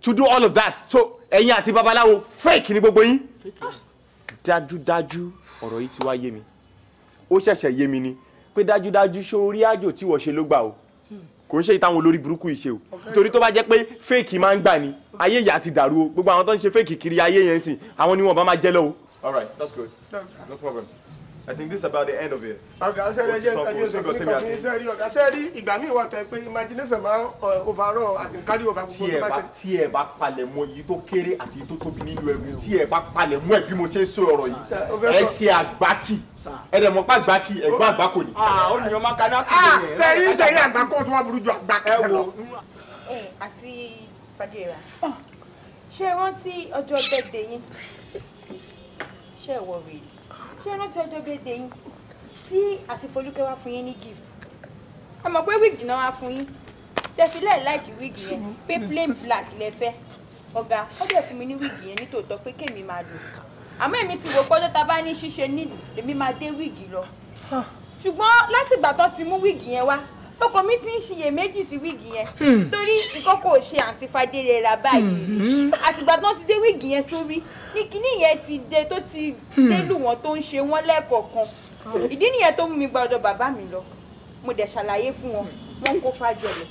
D: to do all of that so ẹ̀yin àti babaláwo fake ni gbogbo yín dájúdájú ọ̀rọ̀ yìí ti wá yé mi ó ṣẹ̀ṣẹ̀ yé mi ni pé dájúdájú sórí àjò tí wọ́n ṣe ló gbà o kò ń ṣe ìtàwọn olórí burúkú yìí ṣe o torí tó bá jẹ́ pé fèèkì máa ń gbà ni ayé ìyá ti dàrú o gbogbo àwọn tó ń ṣe fèèkì kiri ayé yẹn sìn àwọn ni wọn bá máa jẹ́ lọ́wọ́. all right that's good no problem. I think this is about the end of it. Okay, I ọ̀gá sẹ́rí ẹjẹ́ ẹjẹ́ ìṣègùn nípa kí n I said I ìgbà míì wà tẹ́ pé imagination máa overall as in carry over gbogbo tó bá ṣe. tí ẹ bá palẹ̀ mọ́ èyí tó kéré àti èyí tó tóbi nínú ẹ̀gùn tí ẹ bá palẹ̀ mọ́ ẹ̀ bí mo ṣe ń sọ ọ̀rọ̀ yìí ẹ ṣe àgbákì ẹ̀rẹ̀ mọ̀ pa àgbákì ẹ̀gbọ́n àgbákò ni. olùyàn máa ka náà kúrò ní. sẹ́rí sẹ́rí àgbákò tó wà burú ju àgbákì lọ.
C: Eh, àti fàdíra ṣé rántí ọjọ́ bẹ́ẹ̀ dé yín ṣé ìwọ rèé ṣé rántí ọjọ́ gbèdé yín tí àti Folúkẹ́ wá fún yín ní gift ẹ mọ̀ pé wíìgì náà wá fún yín tẹ̀sílẹ̀ láìkí wíìgì yẹn pé plain black lẹ fẹ́ ọ̀gá ó dẹ̀ fún mi ní wíìgì yẹn nítòótọ́ pé kémi máa lò àmọ́ èmi ti wò pọ́jọ́ ta bá ní ṣíṣe nílùú èmi máa dé wíìgì lọ ṣùgbọ́n láti ìgbà tán ti mú wíìgì yẹn wá ọkọ mi ti ń ṣiyèméjì sí wíìgì yẹn hmm. torí ìkọ́kọ̀ ò ṣe àǹtífàdé rẹ̀ rà báyìí hmm. hmm. àtìgbà tán ti dé wíìgì yẹn sórí ní kinní yẹn ti dé tó ti hmm. délù wọn tó ń ṣe wọn lẹ́ẹ̀kọ̀ọ̀kan hmm. ìdí nìyẹn tó mú mi gba ọ̀dọ̀ bàbá mi lọ mo dẹ̀ ṣàlàyé fún wọn wọn kó fájọ lọ.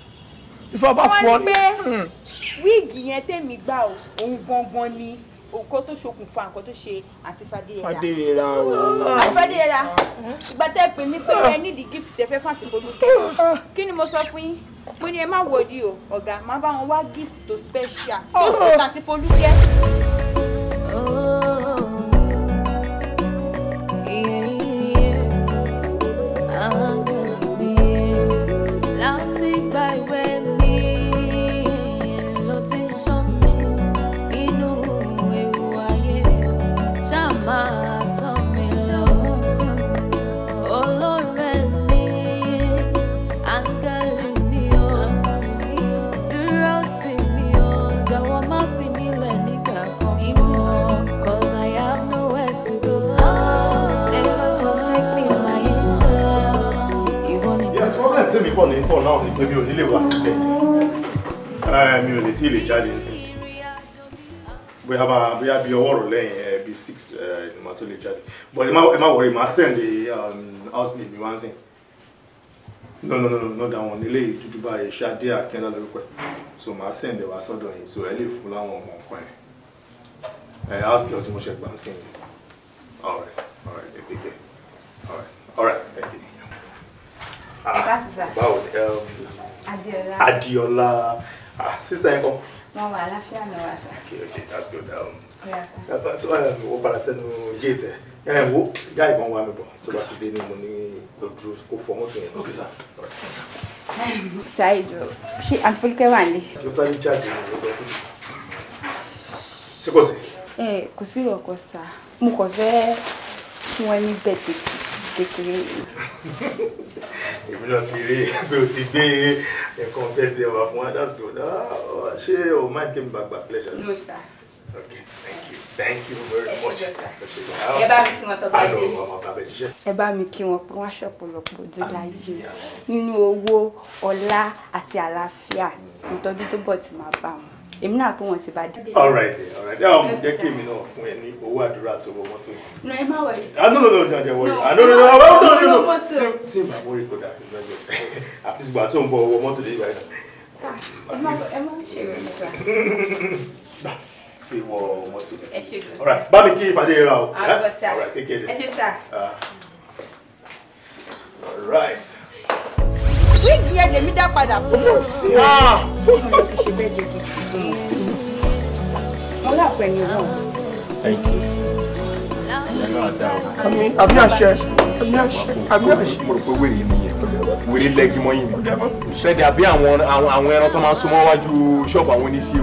E: ìfọwọ́bá fún ọ ní. wọ́n ní pé hmm.
C: wíìgì yẹn tèmi gbà ó òun gangan ni nǹkan tó ṣokùnfà nǹkan tó ṣe àti fàdéyẹra fàdéyẹra
D: ooo àti fàdéyẹra
C: ìgbà tẹ́ pè mí pé ẹ nídìí gift tẹ́ fẹ́ fàtí folúkẹ́ kí ni mo sọ fún yín mo ní ẹ má wọ̀ọ́dí o ọ̀gá má bá wọn wá gift tó special oh. tó ṣe àti folúkẹ́.
A: I'll take my way.
D: tèmi kọ̀ ní kọ̀ náà ni pé mi ò nílé wá síbẹ̀ mi ò lè tí ì lè jáde sí bóyá bí ọwọ́ rọ̀ lẹ́yìn eh, bíi six eh, ni màá tó lè jáde but ẹ má wọrí màá send the um, housemate mi wá sí no no no no da wọn nílé ìdúdú báyìí ṣáde akínlá lórúkọ ẹ so màá send ẹ wá sọ́dọ̀ yìí so ẹ lè fún láwọn ọmọ nǹkan yẹn ẹ eh, house
B: girl tí mo ṣe gbà ń sìn yìí all right ẹ take care all right all right thank
C: Ah, báwo
B: ni
E: Adiola
C: um, Adiola
D: ah, sísá ẹ kọ.
C: wọn wà aláfíà náà wà sá.
D: okay okay that's good. Um, yeah, so wọ́n padà sẹ́nu géètì ẹ̀ ẹ̀ wo gá ìbọn wa mi bọ̀ tó bá ti dé ní mo ní lọ dúró kó fọ mọ́tò yẹn. okay sir.
H: ṣáìjọ ṣé àǹtí Fọlúkẹ́ wà ní.
D: ṣé o sáré jáde lọ sí ṣé kò sí.
H: ẹ kò
C: sí ọkọ sá mo kàn fẹ́ fún ẹ kékeré.
D: èmi náà ti rí pé o ti gbé nǹkan fẹ́ dé wa fún that's good ṣé o máa ń kí mi bá gbà no sir. okay thank you thank you
E: very much. ẹ bá mi kí wọn tọ́jú ayé mi.
C: ẹ bá mi kí wọn pé wọn aṣọ ọ̀pọ̀lọpọ̀ dídá ayé nínú owó ọlá àti àlàáfíà ìtọ́jú tó bọ̀ tí máa bá wọn èmi náà pé wọn ti bá dé. alright
D: alright dáhùn jẹ́ kí èmi náà fún ẹ ní owó àdúrà tó wọ mọ́tò. no ẹ má wọ ẹ. ah no no no jọjọ wọlé ah no no no ọwọ́ tó ní
C: no
D: tí n bá wọlé kódà ìgbàjọ àti ìgbà tó ń bọ owó mọ́tò lẹ́yìn báyìí.
H: ẹ má ẹ má ṣe rẹ
D: nípa. fi wọ mọ́tò lẹ́sìn. ẹ
H: ṣe
C: sọ.
D: alright bá mi kí ìpàdé yẹn ra o. àgọ́ sá ẹ ṣe
C: sá. alright wíìgì yẹn lèmi dá padà fún mi. mo lápẹ̀ ní wọn.
D: àbí àṣẹ àbí àṣẹ àbí àṣẹ. mo rò pé wèrè yìí nìyẹn wèrè lẹ́gí mọ́ yìí ni ṣẹ́dẹ̀ àbí àwọn àwọn ẹran tó máa ń súnmọ́ wájú ṣọ́ọ̀bù àwọn oníṣẹ́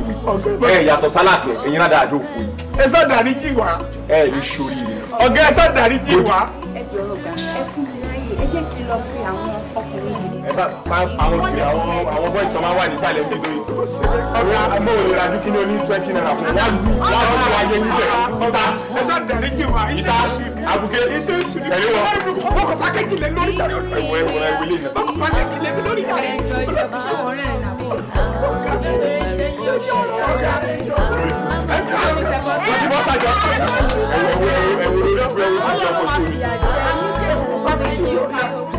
D: ìwé ẹ̀ yàtọ̀ sálàkẹ́ ẹ̀yin rádà àdó òfò yìí. ẹ sá dárí jì wá. ẹ ẹ ní sori rẹ. ọ̀gá ẹ sá dárí jì wá.
E: ẹ jọ̀rọ̀ ga ẹ fún mi láàyè ẹ
I: jẹ́ kí n lọ pé àwọn ọkùnrin
D: àwọn òkè àwọn àwọn bọ́ọ̀lù tó máa wà nísàlẹ̀ ṣe lórí. ọ̀rẹ́ àmọ́ òní ra dúkìá ní twenty naira fún wa ju wa ju wa yẹ níbẹ̀. ọ̀tá ẹ̀ṣọ́ dàrí jì wá iṣẹ́ ìṣù àbùké iṣẹ́ ìṣù ni pẹ̀lú wọn. wọ́n kọ pákéjì lé lórí ìtàrí
C: ọ̀rẹ́ ìwé ìwé ilé ìlú. wọ́n kọ pákéjì lé lórí ìtàrí ọ̀rẹ́ ìlú.
D: ọ̀gá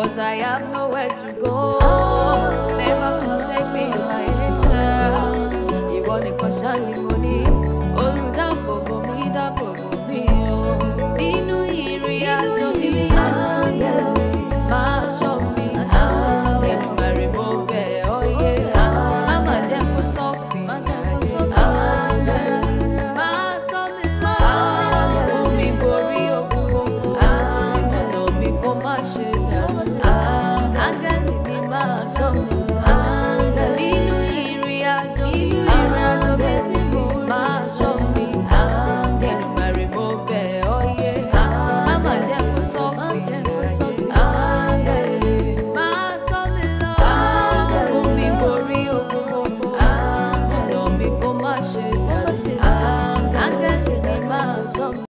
A: Cause I have nowhere to go. Never forsake me, my angel. You nìkan ṣáà ni mo ní.